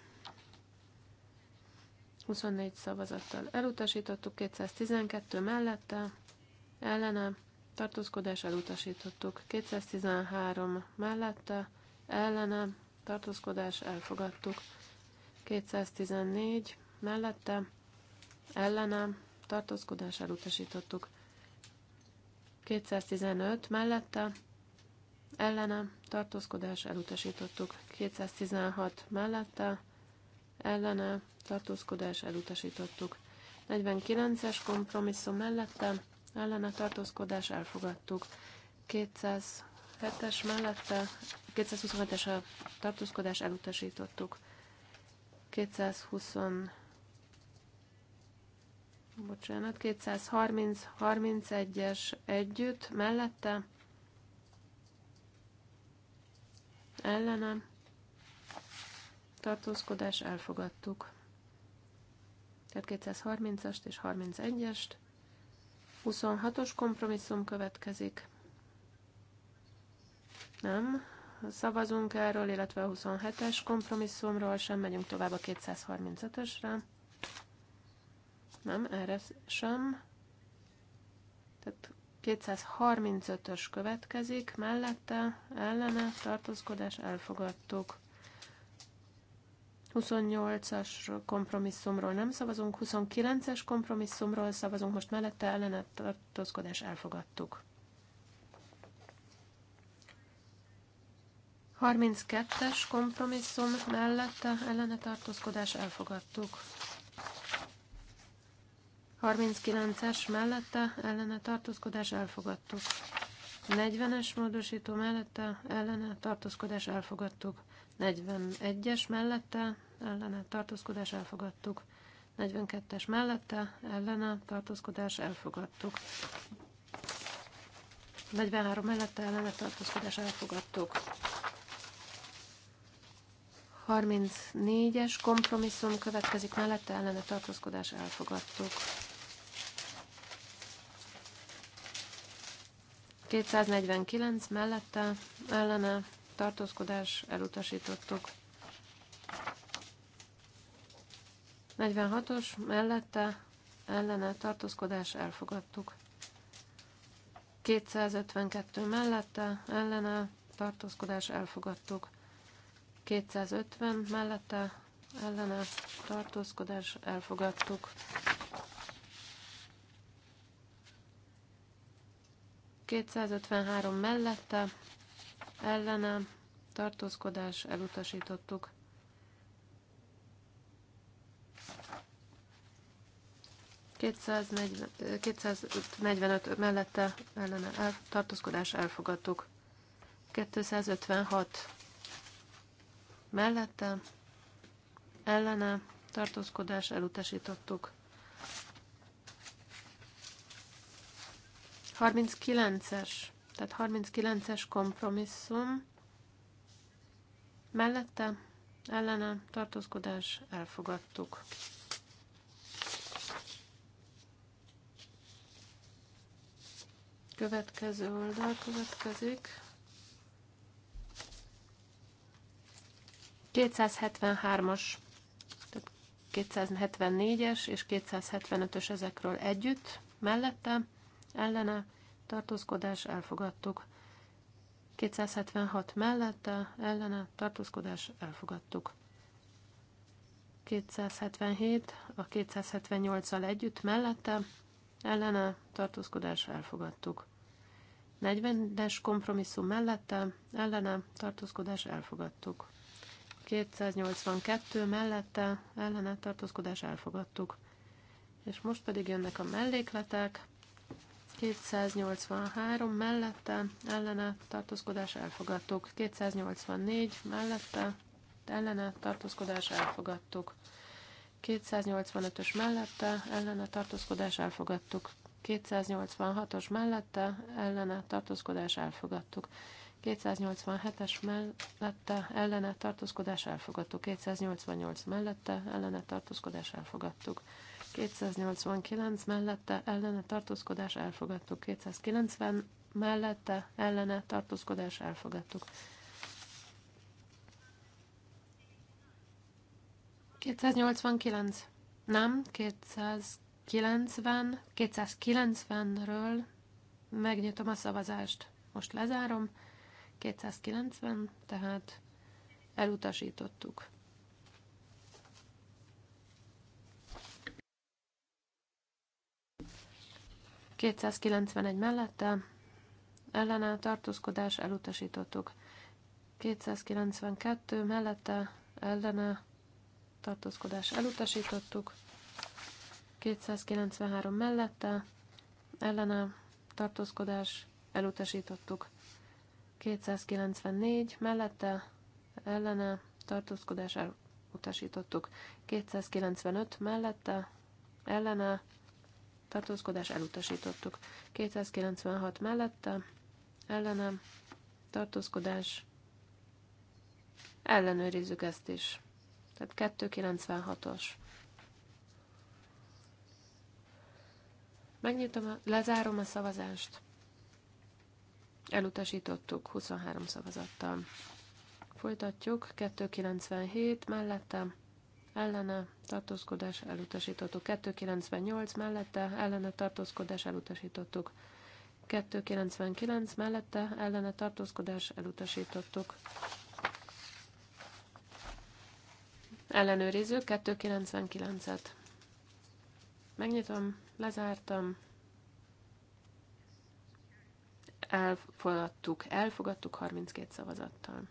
24 szavazattal elutasítottuk, 212 mellette, ellene, tartózkodás elutasítottuk, 213 mellette, ellene, tartózkodás elfogadtuk, 214 mellette, ellene, tartózkodás elutasítottuk, 215 mellette, ellene, tartózkodás elutasítottuk, 216 mellette, ellene, tartózkodás elutasítottuk. 49-es kompromisszum mellette, ellene tartózkodás elfogadtuk. 207-es mellette, 227-es a tartózkodás elutasítottuk. 220 bocsánat, 230, 31-es együtt, mellette, ellenem, tartózkodás elfogadtuk. Tehát 230-ast és 31-est. 26-os kompromisszum következik. Nem. Szavazunk erről, illetve a 27-es kompromisszumról sem. Megyünk tovább a 235-ösre. Nem, erre sem. Tehát 235-ös következik, mellette, ellene, tartózkodás, elfogadtuk. 28-as kompromisszumról nem szavazunk, 29-es kompromisszumról szavazunk, most mellette ellene tartózkodás elfogadtuk. 32-es kompromisszum mellette ellene tartózkodás elfogadtuk. 39-es mellette ellene tartózkodás elfogadtuk. 40-es módosító mellette ellene tartózkodás elfogadtuk. 41-es mellette ellene tartózkodás elfogadtuk. 42-es mellette ellene tartózkodás elfogadtuk. 43 mellette ellene tartózkodás elfogadtuk. 34-es kompromisszum következik mellette ellene tartózkodás elfogadtuk. 249 mellette ellene tartózkodás elutasítottuk. 46-os mellette ellene tartózkodás elfogadtuk. 252 mellette ellene tartózkodás elfogadtuk. 250 mellette ellene tartózkodás elfogadtuk. 253 mellette ellene tartózkodás elutasítottuk. 240, 245 mellette ellene el, tartózkodás elfogadtuk. 256 mellette ellene tartózkodás elutasítottuk. 39-es, tehát 39-es kompromisszum mellette ellene tartózkodás elfogadtuk. Következő oldal következik. 273-as, 274-es és 275-ös ezekről együtt, mellette, ellene, tartózkodás, elfogadtuk. 276 mellette, ellene, tartózkodás, elfogadtuk. 277, a 278-al együtt, mellette, ellene tartózkodás elfogadtuk. 40-es kompromisszum mellette ellene tartózkodás elfogadtuk. 282 mellette ellene tartózkodás elfogadtuk. És most pedig jönnek a mellékletek. 283 mellette ellene tartózkodás elfogadtuk. 284 mellette ellene tartózkodás elfogadtuk. 285-ös mellette ellene tartózkodás elfogadtuk. 286-os mellette ellene tartózkodás elfogadtuk. 287-es mellette ellene tartózkodás elfogadtuk. 288 mellette ellene tartózkodás elfogadtuk. 289 mellette ellene tartózkodás elfogadtuk. 290 mellette ellene tartózkodás elfogadtuk. 289. Nem, 290. 290-ről megnyitom a szavazást. Most lezárom. 290, tehát elutasítottuk. egy mellette ellene tartózkodás elutasítottuk. 292 mellette ellene tartózkodás elutasítottuk, 293 mellette, ellene tartózkodás elutasítottuk, 294 mellette, ellene tartózkodás elutasítottuk, 295 mellette, ellene tartózkodás elutasítottuk, 296 mellette, ellene tartózkodás Ellenőrizzük ezt is. Tehát 296-os. Megnyitom, a, lezárom a szavazást. Elutasítottuk 23 szavazattal. Folytatjuk, 297 mellette, ellene, tartózkodás, elutasítottuk. 298 mellette, ellene, tartózkodás, elutasítottuk. 299 mellette, ellene, tartózkodás, elutasítottuk. Ellenőrizzük 299-et. Megnyitom, lezártam. Elfogadtuk, elfogadtuk 32 szavazattal.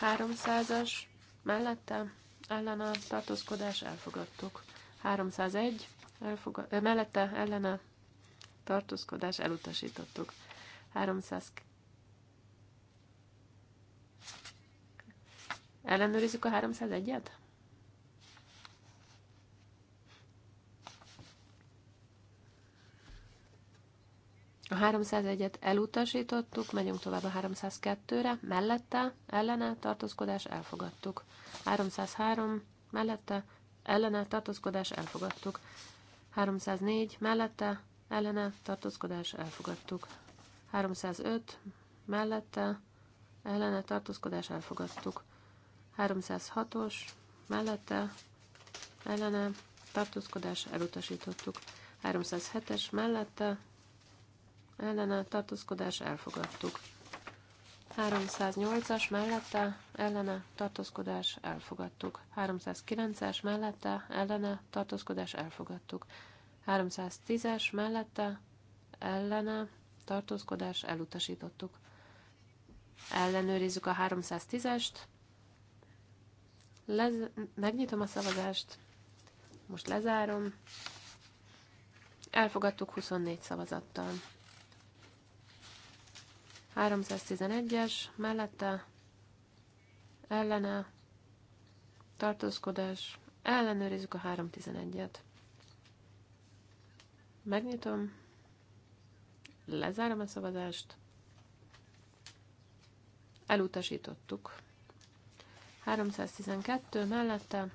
300-as mellette ellene tartózkodás elfogadtuk. 301 elfogad, mellette ellene tartózkodás elutasítottuk. 302 Ellenőrizzük a 301-et? A 301-et elutasítottuk, megyünk tovább a 302-re, mellette, ellene, tartózkodás, elfogadtuk. 303, mellette, ellene, tartózkodás, elfogadtuk. 304, mellette, ellene, tartózkodás, elfogadtuk. 305, mellette, ellene, tartózkodás, elfogadtuk. 306-os mellette ellene tartózkodás elutasítottuk. 307-es mellette ellene tartózkodás elfogadtuk. 308-as mellette ellene tartózkodás elfogadtuk. 309-es mellette ellene tartózkodás elfogadtuk. 310-es mellette ellene tartózkodás elutasítottuk. Ellenőrizzük a 310-est. Lez... Megnyitom a szavazást. Most lezárom. Elfogadtuk 24 szavazattal. 311-es, mellette, ellene, tartózkodás, ellenőrizzük a 311-et. Megnyitom, lezárom a szavazást, elutasítottuk 312 mellette,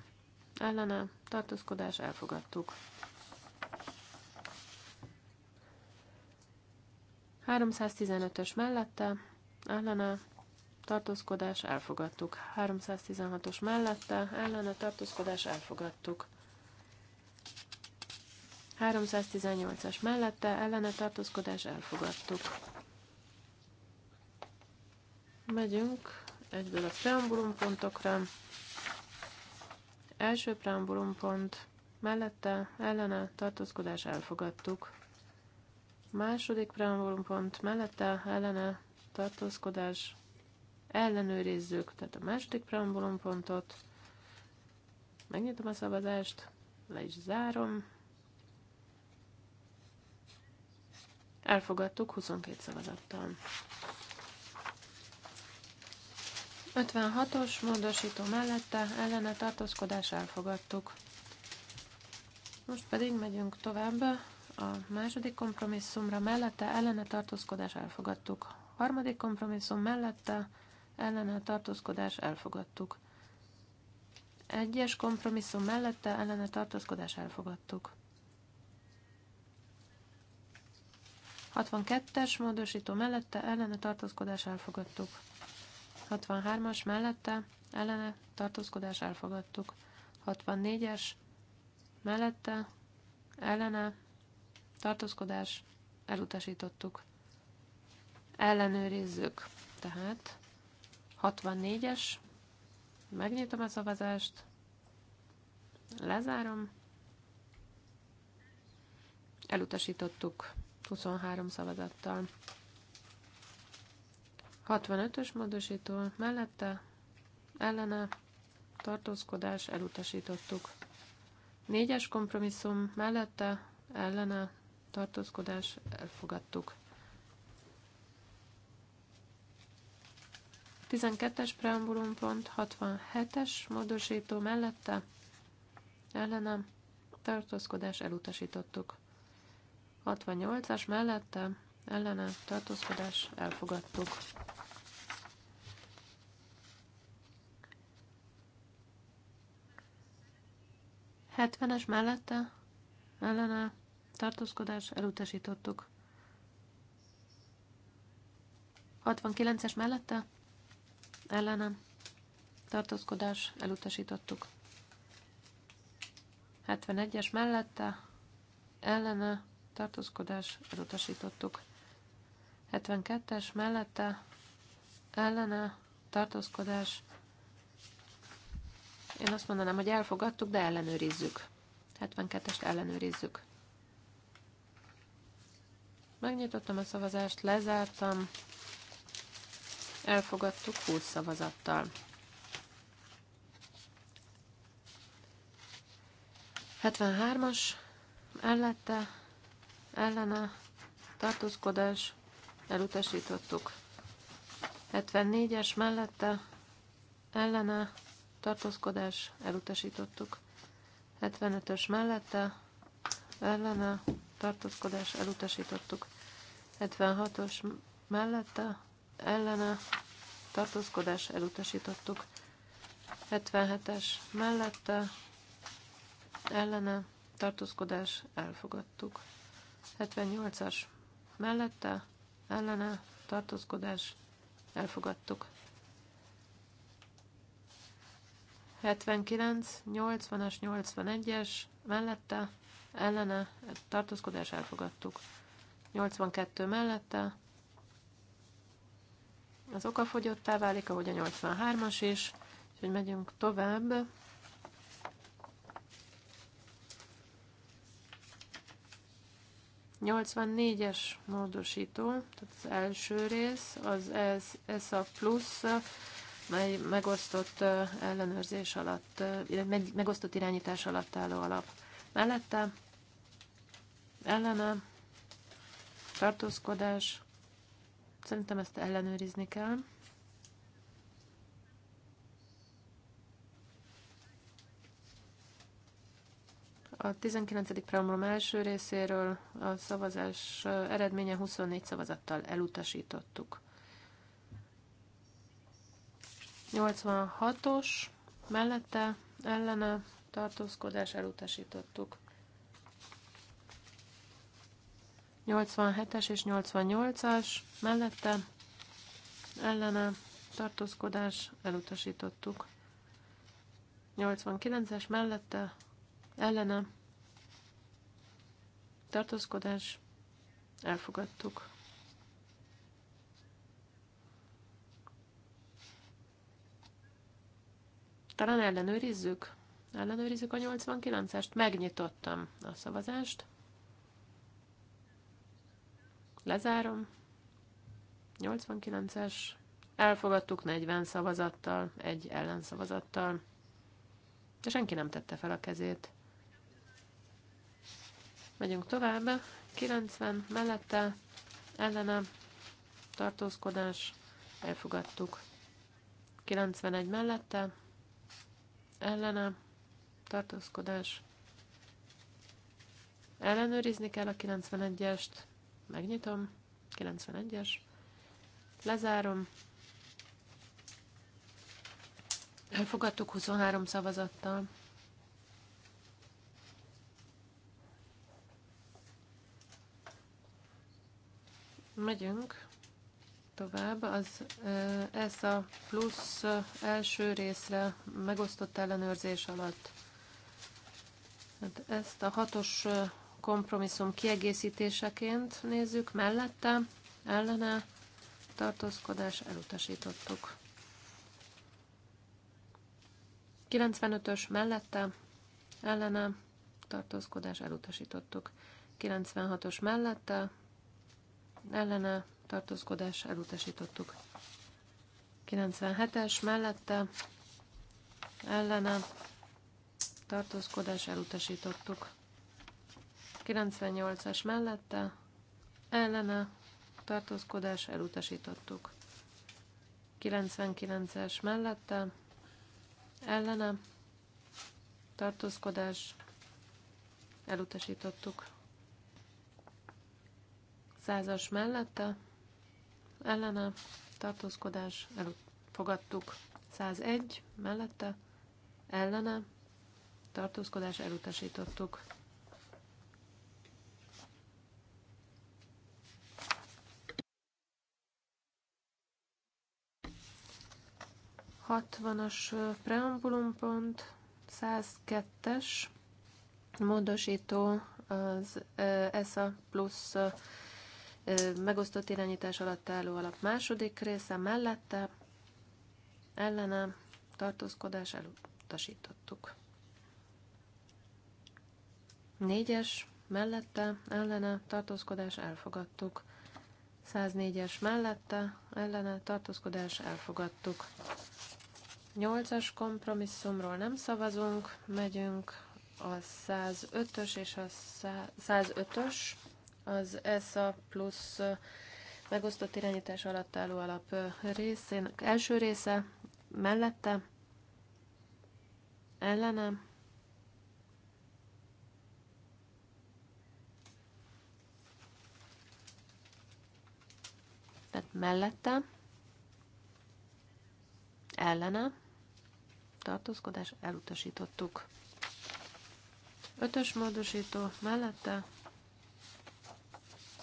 ellene, tartózkodás, elfogadtuk. 315-ös mellette, ellene, tartózkodás, elfogadtuk. 316-os mellette, ellene, tartózkodás, elfogadtuk. 318-as mellette, ellene, tartózkodás, elfogadtuk. Megyünk egyből a preambulum pontokra Első preambulum pont mellette ellene tartózkodás elfogadtuk. Második preambulum pont mellette ellene tartózkodás ellenőrizzük, tehát a második preambulum pontot Megnyitom a szavazást, le is zárom. Elfogadtuk 22 szavazattal. 56-os módosító mellette ellene tartózkodás elfogadtuk. Most pedig megyünk tovább a második kompromisszumra, mellette ellene tartózkodás elfogadtuk. Harmadik kompromisszum mellette ellene tartózkodás elfogadtuk. Egyes kompromisszum mellette ellene tartózkodás elfogadtuk. 62-es módosító mellette ellene tartózkodás elfogadtuk. 63-as mellette ellene tartózkodás elfogadtuk. 64-es mellette ellene tartózkodás elutasítottuk. Ellenőrizzük. Tehát 64-es, megnyitom a szavazást, lezárom, elutasítottuk 23 szavazattal. 65-ös módosító mellette ellene tartózkodás elutasítottuk. 4-es kompromisszum mellette ellene tartózkodás elfogadtuk. 12-es preambulum pont 67-es módosító mellette ellene tartózkodás elutasítottuk. 68-as mellette ellene tartózkodás elfogadtuk. 70-es mellette ellene tartózkodás elutasítottuk. 69-es mellette ellene tartózkodás elutasítottuk. 71-es mellette ellene tartózkodás elutasítottuk. 72-es mellette ellene tartózkodás én azt mondanám, hogy elfogadtuk, de ellenőrizzük. 72-est ellenőrizzük. Megnyitottam a szavazást, lezártam, elfogadtuk 20 szavazattal. 73-as, ellette, ellene, tartózkodás, elutasítottuk. 74-es mellette, ellene, tartózkodás, elutasítottuk. 75-ös mellette, ellene, tartózkodás, elutasítottuk. 76-os mellette, ellene, tartózkodás, elutasítottuk. 77-es mellette, ellene, tartózkodás, elfogadtuk. 78-as mellette, ellene, tartózkodás, elfogadtuk. 79, 80-as, 81-es, mellette, ellene, tartózkodás elfogadtuk. 82 mellette, az fogyottá válik, ahogy a 83-as is, úgyhogy megyünk tovább. 84-es módosító, tehát az első rész, az ez, ez a plusz mely megosztott ellenőrzés alatt, megosztott irányítás alatt álló alap. Mellette ellene tartózkodás, szerintem ezt ellenőrizni kell. A 19. preambulum első részéről a szavazás eredménye 24 szavazattal elutasítottuk. 86-os mellette ellene tartózkodás elutasítottuk. 87-es és 88-as mellette ellene tartózkodás elutasítottuk. 89-es mellette ellene tartózkodás elfogadtuk. Talán ellenőrizzük? Ellenőrizzük a 89-est? Megnyitottam a szavazást. Lezárom. 89-es. Elfogadtuk 40 szavazattal, egy ellenszavazattal. De senki nem tette fel a kezét. Megyünk tovább. 90 mellette, ellene, tartózkodás, elfogadtuk. 91 mellette, ellene tartózkodás. Ellenőrizni kell a 91-est. Megnyitom. 91-es. Lezárom. Elfogadtuk 23 szavazattal. Megyünk tovább. Az ESA plusz első részre megosztott ellenőrzés alatt. Hát ezt a hatos kompromisszum kiegészítéseként nézzük, mellette, ellene, tartózkodás elutasítottuk. 95-ös mellette, ellene, tartózkodás elutasítottuk. 96-os mellette, ellene, tartózkodás elutasítottuk. 97-es mellette ellene tartózkodás elutasítottuk. 98-as mellette ellene tartózkodás elutasítottuk. 99-es mellette ellene tartózkodás elutasítottuk. 100-as mellette ellene tartózkodás elfogadtuk. 101 mellette ellene tartózkodás elutasítottuk. Hatvanas preambulumpont, 102-es módosító az ESA plusz megosztott irányítás alatt álló alap második része mellette ellene tartózkodás elutasítottuk. Négyes mellette ellene tartózkodás elfogadtuk. 104-es mellette ellene tartózkodás elfogadtuk. 8-as kompromisszumról nem szavazunk, megyünk a 105-ös és a 105-ös az ESA plusz megosztott irányítás alatt álló alap részén, első része, mellette, ellene, tehát mellette, ellene, tartózkodás, elutasítottuk. Ötös módosító mellette,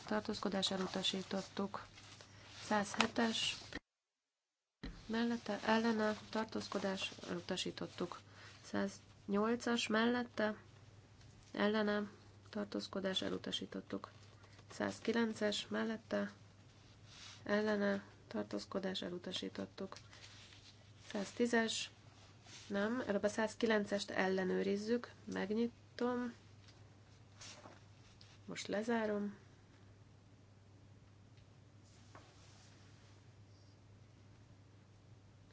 tartózkodás elutasítottuk. 107-es mellette ellene tartózkodás elutasítottuk. 108-as mellette ellene tartózkodás elutasítottuk. 109-es mellette ellene tartózkodás elutasítottuk. 110-es nem, előbb a 109-est ellenőrizzük, megnyitom, most lezárom.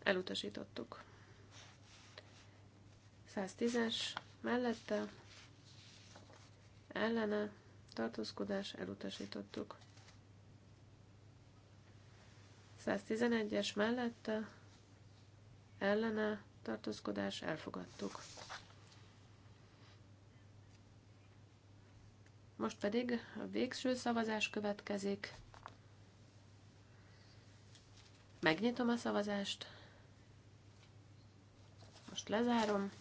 elutasítottuk. 110-es mellette, ellene, tartózkodás, elutasítottuk. 111-es mellette, ellene, tartózkodás, elfogadtuk. Most pedig a végső szavazás következik. Megnyitom a szavazást most lezárom.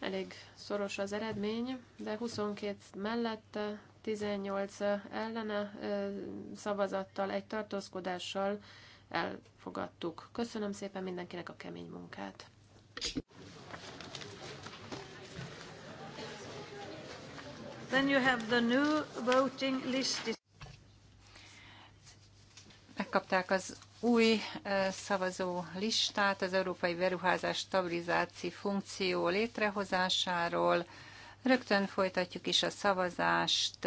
Elég szoros az eredmény, de 22 mellette, 18 ellene szavazattal, egy tartózkodással elfogadtuk. Köszönöm szépen mindenkinek a kemény munkát. Then you have the new voting list megvitatták az új szavazó listát az Európai Beruházás Stabilizáci Funkció létrehozásáról. Rögtön folytatjuk is a szavazást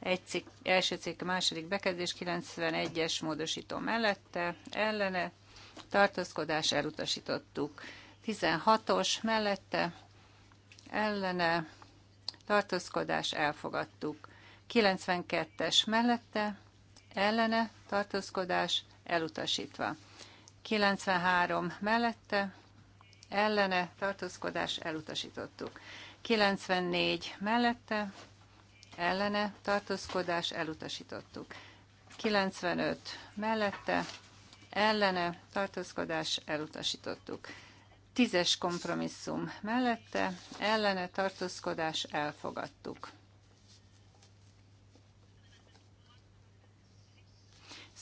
egy cikk, első cikk, második bekezdés 91-es módosító mellette, ellene, tartózkodás elutasítottuk. 16-os mellette, ellene, tartózkodás elfogadtuk. 92-es mellette, ellene tartózkodás elutasítva. 93 mellette ellene tartózkodás elutasítottuk. 94 mellette ellene tartózkodás elutasítottuk. 95 mellette ellene tartózkodás elutasítottuk. Tízes kompromisszum mellette ellene tartózkodás elfogadtuk.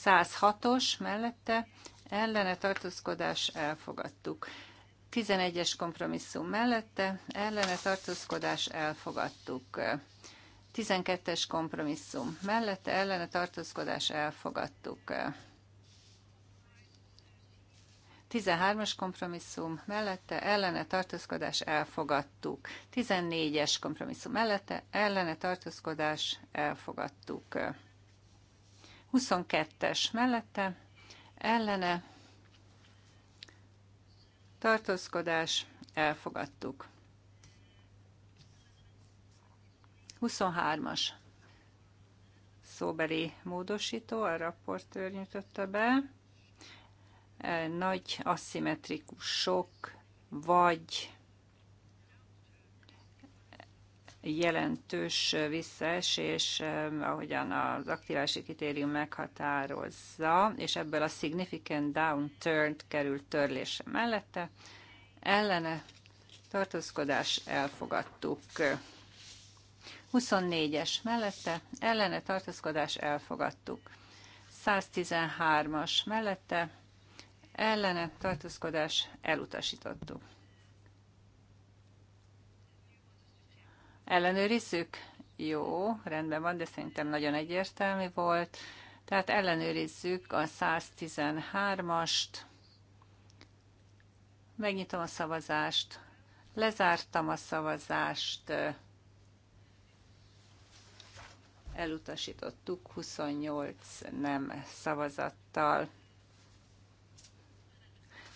106-os mellette ellene tartózkodás elfogadtuk. 11-es kompromisszum mellette ellene tartózkodás elfogadtuk. 12-es kompromisszum mellette ellene tartózkodás elfogadtuk. 13-as kompromisszum mellette ellene tartózkodás elfogadtuk. 14-es kompromisszum mellette ellene tartózkodás elfogadtuk. 22-es mellette ellene tartózkodás elfogadtuk. 23-as szóbeli módosító, a raportőr nyújtotta be. Nagy aszimmetrikus sok, vagy jelentős visszaesés, ahogyan az aktivási kritérium meghatározza, és ebből a significant downturn került törlése mellette. Ellene tartózkodás elfogadtuk. 24-es mellette ellene tartózkodás elfogadtuk. 113-as mellette ellene tartózkodás elutasítottuk. Ellenőrizzük? Jó, rendben van, de szerintem nagyon egyértelmű volt. Tehát ellenőrizzük a 113-ast. Megnyitom a szavazást. Lezártam a szavazást. Elutasítottuk 28 nem szavazattal.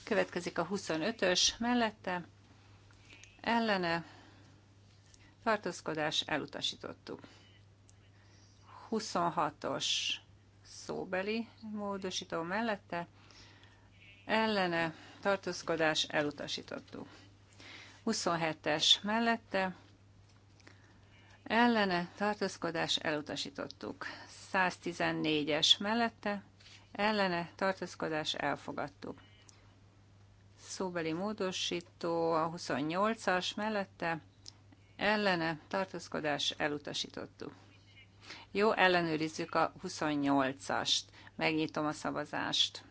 Következik a 25-ös mellette. Ellene tartózkodás elutasítottuk. 26-os szóbeli módosító mellette ellene tartózkodás elutasítottuk. 27-es mellette ellene tartózkodás elutasítottuk. 114-es mellette ellene tartózkodás elfogadtuk. Szóbeli módosító a 28-as mellette ellene tartózkodás elutasítottuk. Jó, ellenőrizzük a 28-ast. Megnyitom a szavazást.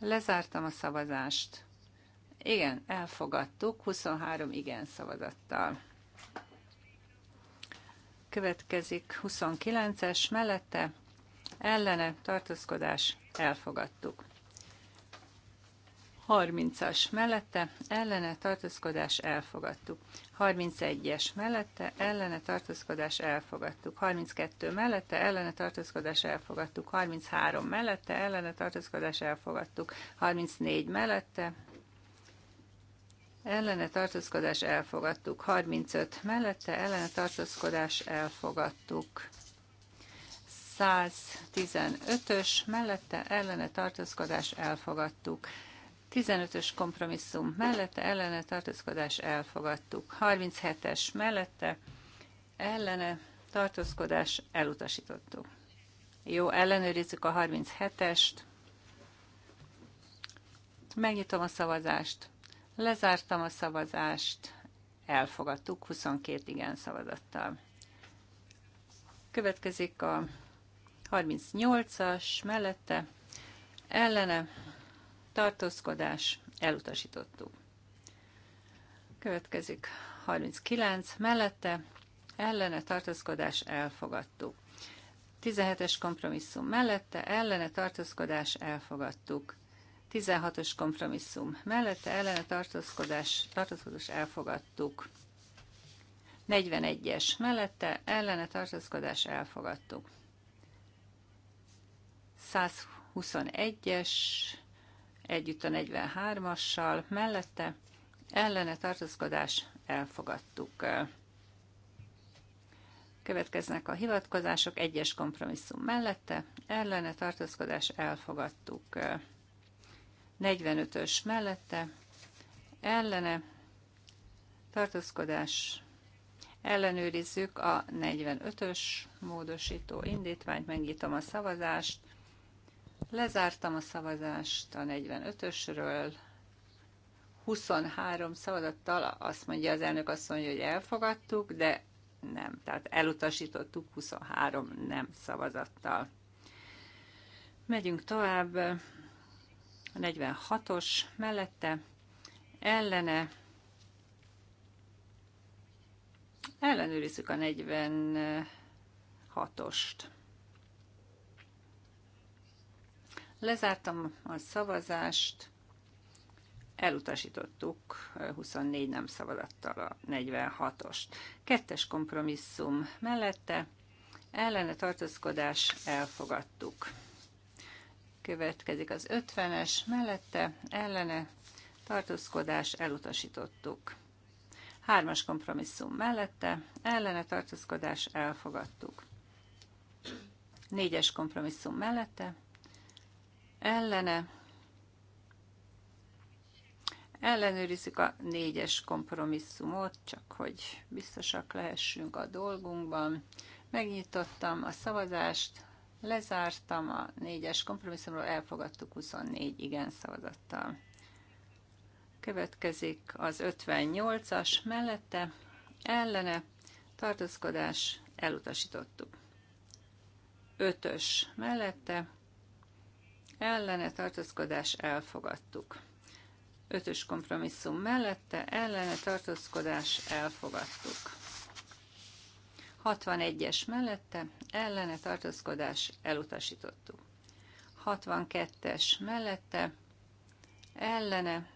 Lezártam a szavazást. Igen, elfogadtuk 23 igen szavazattal. Következik 29-es mellette, ellene tartózkodás, elfogadtuk. 30-as mellette ellene tartózkodás elfogadtuk. 31-es mellette ellene tartózkodás elfogadtuk. 32 mellette ellene tartózkodás elfogadtuk. 33 mellette ellene tartózkodás elfogadtuk. 34 mellette ellene tartózkodás elfogadtuk. 35 mellette ellene tartózkodás elfogadtuk. 115-ös mellette ellene tartózkodás elfogadtuk. 15-ös kompromisszum mellette, ellene tartózkodás elfogadtuk. 37-es mellette, ellene tartózkodás elutasítottuk. Jó, ellenőrizzük a 37-est. Megnyitom a szavazást. Lezártam a szavazást. Elfogadtuk 22 igen szavazattal. Következik a 38-as mellette. Ellene tartózkodás, elutasítottuk. Következik 39, mellette ellene tartózkodás, elfogadtuk. 17-es kompromisszum mellette ellene tartózkodás, elfogadtuk. 16-os kompromisszum mellette ellene tartózkodás, tartózkodás, elfogadtuk. 41-es mellette ellene tartózkodás, elfogadtuk. 121-es együtt a 43-assal, mellette ellene tartózkodás elfogadtuk. Következnek a hivatkozások egyes kompromisszum mellette, ellene tartózkodás elfogadtuk. 45-ös mellette, ellene tartózkodás ellenőrizzük a 45-ös módosító indítványt, megnyitom a szavazást, Lezártam a szavazást a 45-ösről. 23 szavazattal azt mondja az elnök asszony, hogy elfogadtuk, de nem. Tehát elutasítottuk 23 nem szavazattal. Megyünk tovább. A 46-os mellette ellene ellenőrizzük a 46-ost. Lezártam a szavazást, elutasítottuk 24 nem szavazattal a 46-ost. Kettes kompromisszum mellette ellene tartózkodás elfogadtuk. Következik az 50-es, mellette ellene tartózkodás elutasítottuk. Hármas kompromisszum mellette ellene tartózkodás elfogadtuk. Négyes kompromisszum mellette ellene. Ellenőrizzük a négyes kompromisszumot, csak hogy biztosak lehessünk a dolgunkban. Megnyitottam a szavazást, lezártam a négyes kompromisszumról, elfogadtuk 24 igen szavazattal. Következik az 58-as mellette, ellene, tartózkodás, elutasítottuk. 5-ös mellette, ellene tartózkodás elfogadtuk. Ötös kompromisszum mellette ellene tartózkodás elfogadtuk. 61-es mellette ellene tartózkodás elutasítottuk. 62-es mellette ellene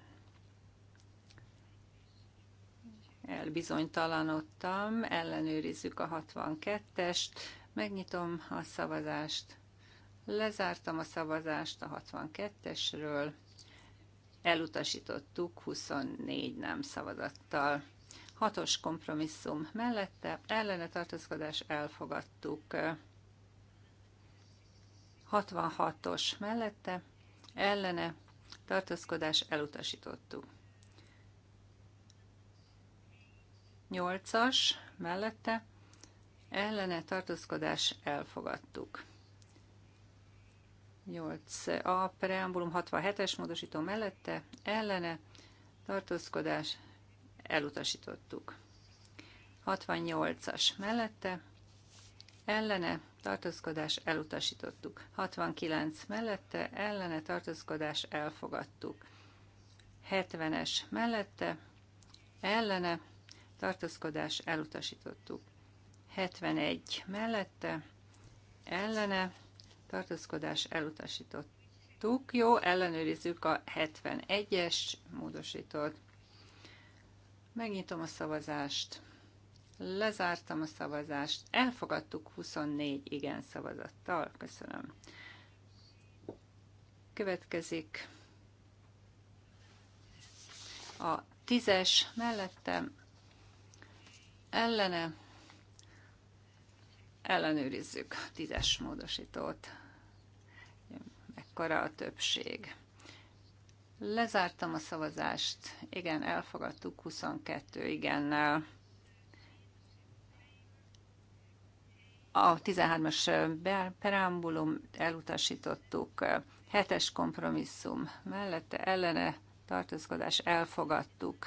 elbizonytalanodtam, ellenőrizzük a 62-est, megnyitom a szavazást, Lezártam a szavazást a 62-esről, elutasítottuk 24 nem szavazattal. Hatos kompromisszum mellette, ellene tartózkodás elfogadtuk. 66-os mellette, ellene tartózkodás elutasítottuk. 8-as mellette, ellene tartózkodás elfogadtuk. 8a preambulum 67-es módosító mellette ellene tartózkodás elutasítottuk. 68-as mellette ellene tartózkodás elutasítottuk. 69 mellette ellene tartózkodás elfogadtuk. 70-es mellette ellene tartózkodás elutasítottuk. 71 mellette ellene tartózkodás elutasítottuk. Jó, ellenőrizzük a 71-es módosítót. Megnyitom a szavazást. Lezártam a szavazást. Elfogadtuk 24 igen szavazattal. Köszönöm. Következik a 10-es mellettem ellene Ellenőrizzük a tízes módosítót. Mekkora a többség. Lezártam a szavazást. Igen, elfogadtuk 22 igennel. A 13-as perambulum elutasítottuk, 7-es kompromisszum mellette ellene tartózkodás elfogadtuk.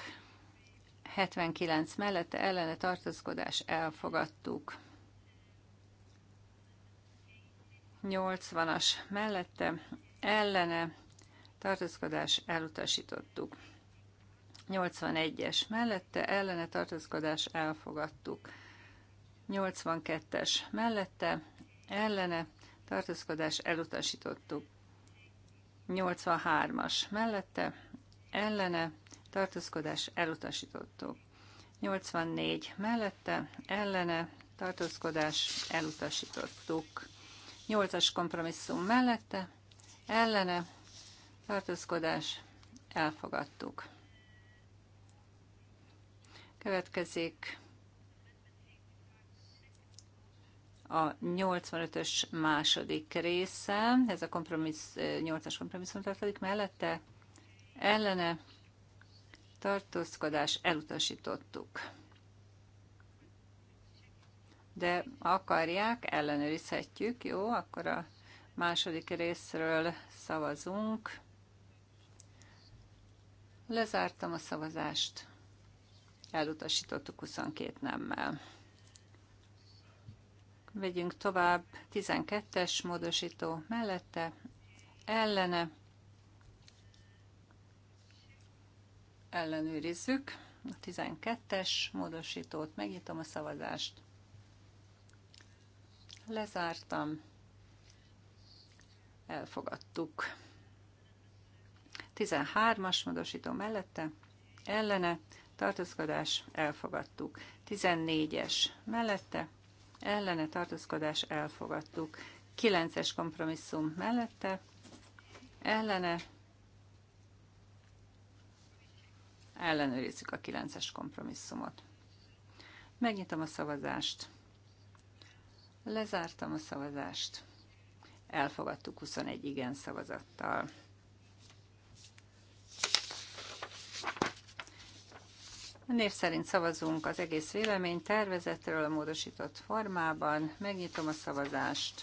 79 mellette ellene tartózkodás elfogadtuk. 80-as mellette ellene tartózkodás elutasítottuk. 81-es mellette ellene tartózkodás elfogadtuk. 82-es mellette ellene tartózkodás elutasítottuk. 83-as mellette ellene tartózkodás elutasítottuk. 84 mellette ellene tartózkodás elutasítottuk. Nyolcas kompromisszum mellette, ellene, tartózkodás, elfogadtuk. Következik a 85-ös második része, ez a kompromissz, 8-as kompromisszum tartozik mellette, ellene tartózkodás elutasítottuk de akarják, ellenőrizhetjük, jó, akkor a második részről szavazunk. Lezártam a szavazást, elutasítottuk 22 nemmel. Vegyünk tovább 12-es módosító mellette, ellene, ellenőrizzük a 12-es módosítót, megnyitom a szavazást. Lezártam. Elfogadtuk. 13-as módosító mellette, ellene, tartózkodás, elfogadtuk. 14-es mellette, ellene, tartózkodás, elfogadtuk. 9-es kompromisszum mellette, ellene, ellenőrizzük a 9-es kompromisszumot. Megnyitom a szavazást. Lezártam a szavazást. Elfogadtuk 21 igen szavazattal. Név szerint szavazunk az egész vélemény tervezetről a módosított formában. Megnyitom a szavazást.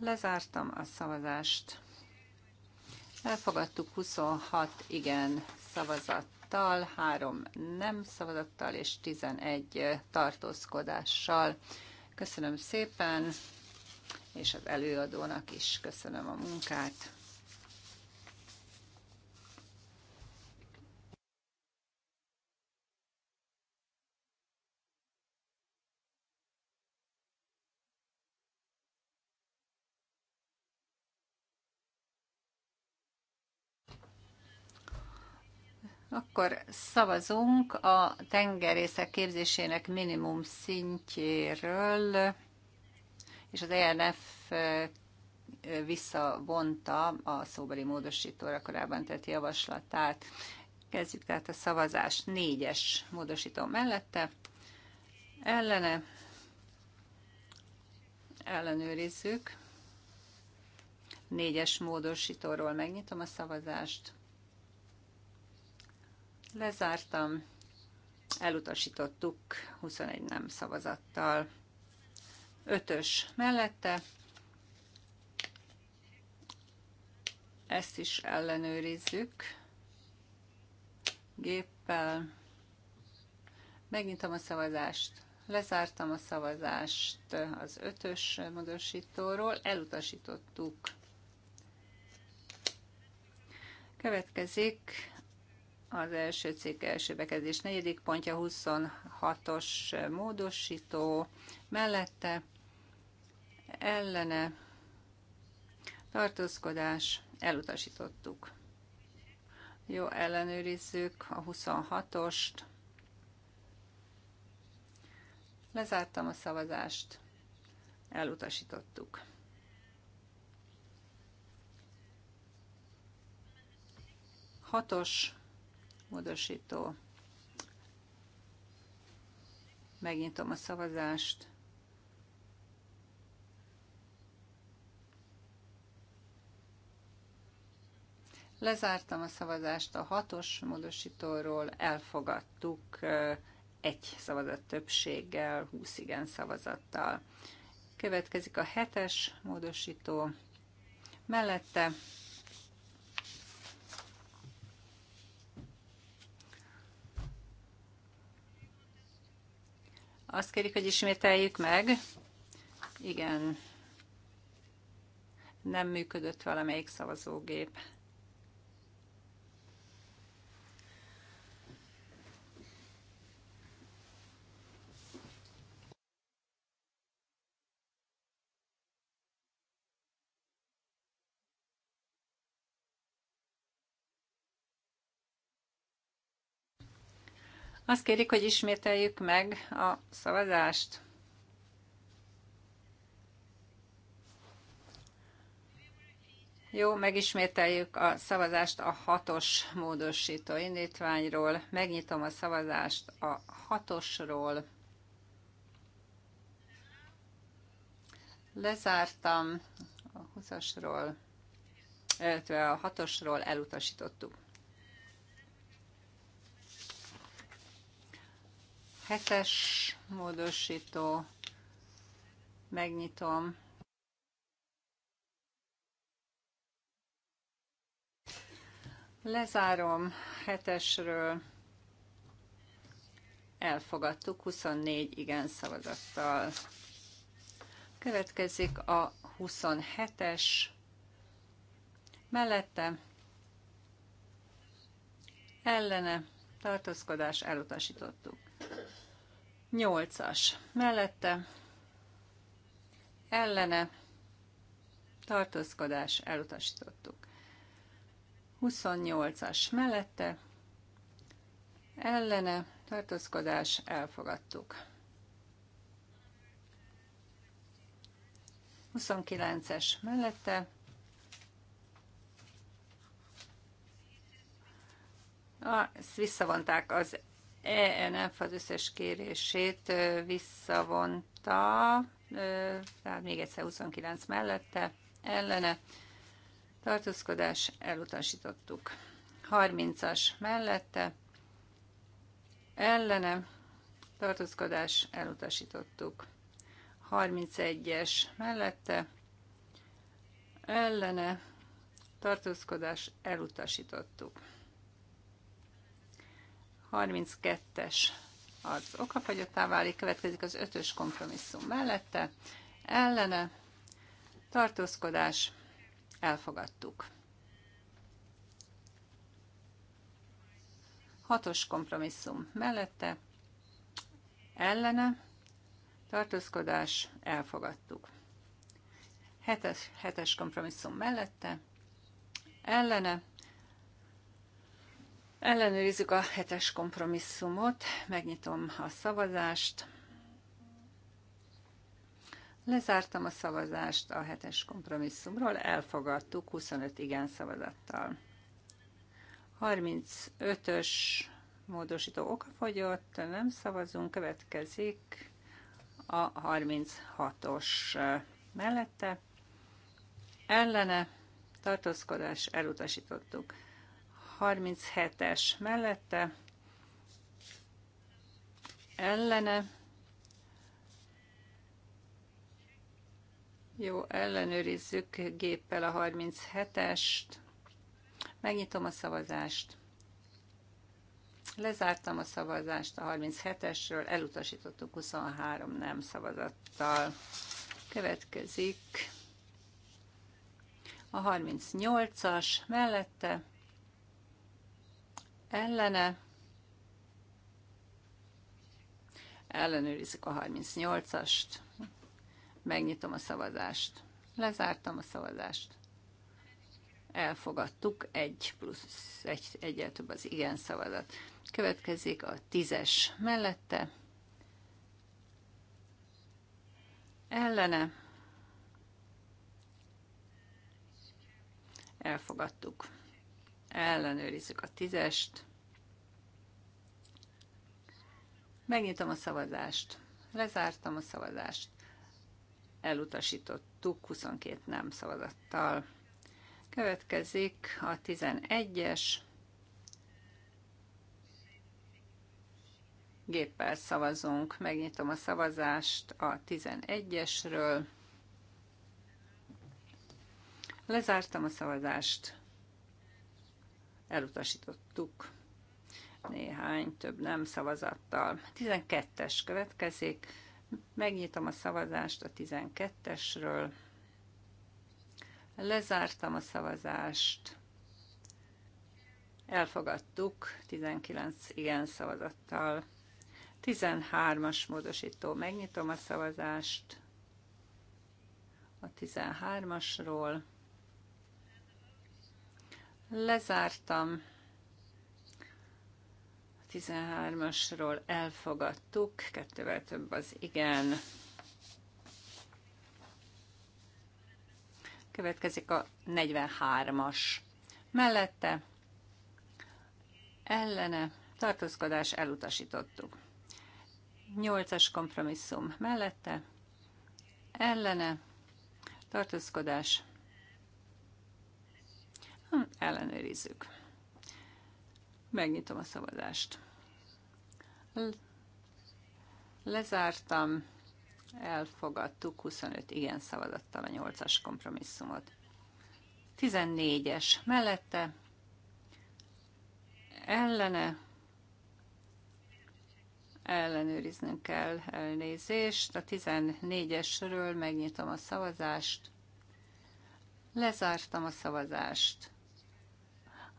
Lezártam a szavazást. Elfogadtuk 26 igen szavazat szavazattal, három nem szavazattal és 11 tartózkodással. Köszönöm szépen, és az előadónak is köszönöm a munkát. akkor szavazunk a tengerészek képzésének minimum szintjéről, és az ENF visszavonta a szóbeli módosítóra korábban tett javaslatát. Kezdjük tehát a szavazást négyes módosító mellette. Ellene ellenőrizzük. Négyes módosítóról megnyitom a szavazást. Lezártam. Elutasítottuk 21 nem szavazattal. Ötös mellette. Ezt is ellenőrizzük géppel. Megnyitom a szavazást. Lezártam a szavazást az ötös módosítóról. Elutasítottuk. Következik az első cikk első bekezdés negyedik pontja 26-os módosító mellette ellene tartózkodás elutasítottuk. Jó, ellenőrizzük a 26-ost. Lezártam a szavazást, elutasítottuk. Hatos módosító. Megnyitom a szavazást. Lezártam a szavazást a hatos módosítóról, elfogadtuk egy szavazat többséggel, 20 igen szavazattal. Következik a hetes módosító, mellette Azt kérik, hogy ismételjük meg. Igen. Nem működött valamelyik szavazógép. Azt kérik, hogy ismételjük meg a szavazást. Jó, megismételjük a szavazást a hatos módosító indítványról. Megnyitom a szavazást a hatosról. Lezártam a 20-asról, illetve a hatosról elutasítottuk. Hetes módosító. Megnyitom. Lezárom hetesről. Elfogadtuk 24 igen szavazattal. Következik a 27-es. Mellette ellene tartózkodás elutasítottuk. Nyolcas mellette ellene tartózkodás elutasítottuk. 28-as mellette ellene tartózkodás elfogadtuk. 29-es mellette a, visszavonták az ENF az összes kérését visszavonta, tehát még egyszer 29 mellette, ellene. Tartózkodás elutasítottuk. 30-as mellette, ellene. Tartózkodás elutasítottuk. 31-es mellette, ellene. Tartózkodás elutasítottuk. 32-es az okafagyottá válik, következik az 5-ös kompromisszum mellette, ellene, tartózkodás, elfogadtuk. 6-os kompromisszum mellette, ellene, tartózkodás, elfogadtuk. 7-es, kompromisszum mellette, ellene, Ellenőrizzük a hetes kompromisszumot, megnyitom a szavazást. Lezártam a szavazást a hetes kompromisszumról, elfogadtuk 25 igen szavazattal. 35-ös módosító okafogyott, nem szavazunk, következik a 36-os mellette. Ellene tartózkodás elutasítottuk. 37-es mellette, ellene, jó, ellenőrizzük géppel a 37-est, megnyitom a szavazást, lezártam a szavazást a 37-esről, elutasítottuk 23 nem szavazattal. Következik a 38-as mellette ellene. Ellenőrizzük a 38-ast. Megnyitom a szavazást. Lezártam a szavazást. Elfogadtuk, egy plusz egy, egyet, több az igen szavazat. Következik a 10-es mellette. Ellene. Elfogadtuk ellenőrizzük a tízest. Megnyitom a szavazást. Lezártam a szavazást. Elutasítottuk 22 nem szavazattal. Következik a 11-es. Géppel szavazunk. Megnyitom a szavazást a 11-esről. Lezártam a szavazást elutasítottuk néhány, több nem szavazattal. 12-es következik, megnyitom a szavazást a 12-esről, lezártam a szavazást, elfogadtuk 19 igen szavazattal. 13-as módosító, megnyitom a szavazást a 13-asról, Lezártam. 13-asról elfogadtuk, kettővel több az igen. Következik a 43-as. Mellette ellene tartózkodás elutasítottuk. 8-as kompromisszum mellette ellene tartózkodás Hm, ellenőrizzük. Megnyitom a szavazást. Lezártam, elfogadtuk 25 igen szavazattal a 8-as kompromisszumot. 14-es mellette, ellene, ellenőriznünk kell elnézést. A 14-esről megnyitom a szavazást. Lezártam a szavazást.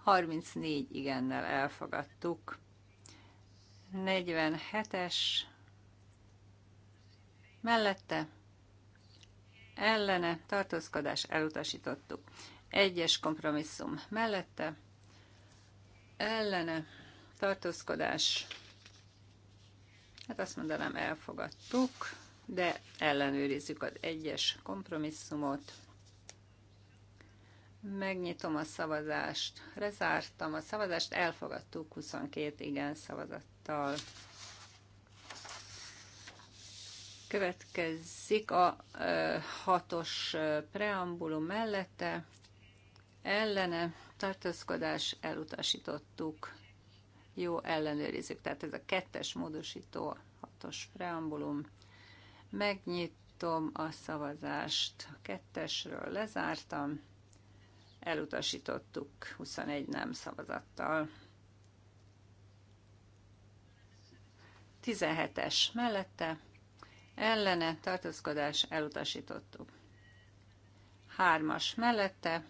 34 igennel elfogadtuk. 47-es mellette ellene tartózkodás elutasítottuk. Egyes kompromisszum mellette ellene tartózkodás hát azt mondanám elfogadtuk, de ellenőrizzük az egyes kompromisszumot. Megnyitom a szavazást. Lezártam a szavazást, elfogadtuk 22 igen szavazattal. Következik a ö, hatos preambulum mellette. Ellene tartózkodás elutasítottuk. Jó, ellenőrizzük. Tehát ez a kettes módosító, hatos preambulum. Megnyitom a szavazást. A kettesről lezártam elutasítottuk 21 nem szavazattal. 17-es mellette ellene tartózkodás elutasítottuk. 3-as mellette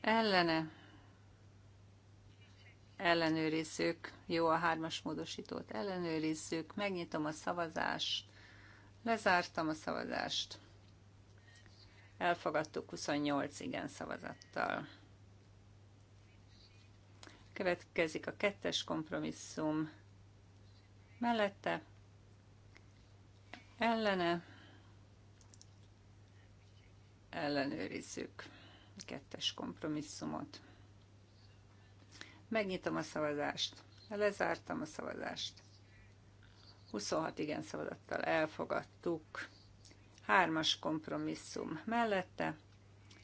ellene ellenőrizzük, jó a hármas módosítót ellenőrizzük, megnyitom a szavazást, lezártam a szavazást. Elfogadtuk 28 igen szavazattal. Következik a kettes kompromisszum. Mellette ellene ellenőrizzük a kettes kompromisszumot. Megnyitom a szavazást. Lezártam a szavazást. 26 igen szavazattal elfogadtuk. Hármas kompromisszum mellette,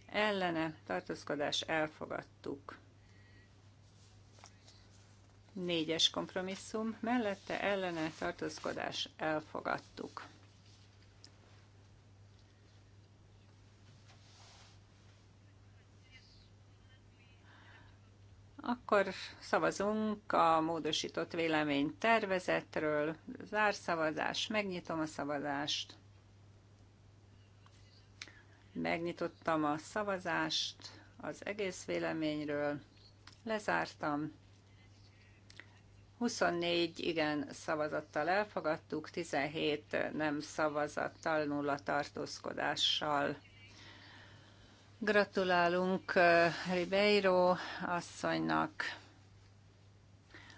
ellene tartózkodás elfogadtuk. Négyes kompromisszum mellette, ellene tartózkodás elfogadtuk. Akkor szavazunk a módosított vélemény tervezetről. Zárszavazás, megnyitom a szavazást. Megnyitottam a szavazást az egész véleményről, lezártam. 24 igen szavazattal elfogadtuk, 17 nem szavazattal, nulla tartózkodással. Gratulálunk eh, Ribeiro asszonynak,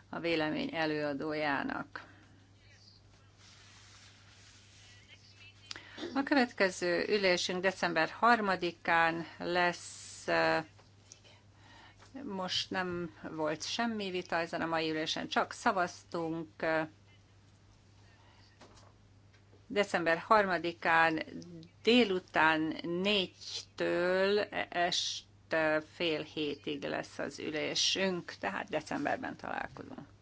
a vélemény előadójának. A következő ülésünk december 3-án lesz. Most nem volt semmi vita ezen a mai ülésen, csak szavaztunk. December 3-án délután 4-től este fél hétig lesz az ülésünk, tehát decemberben találkozunk.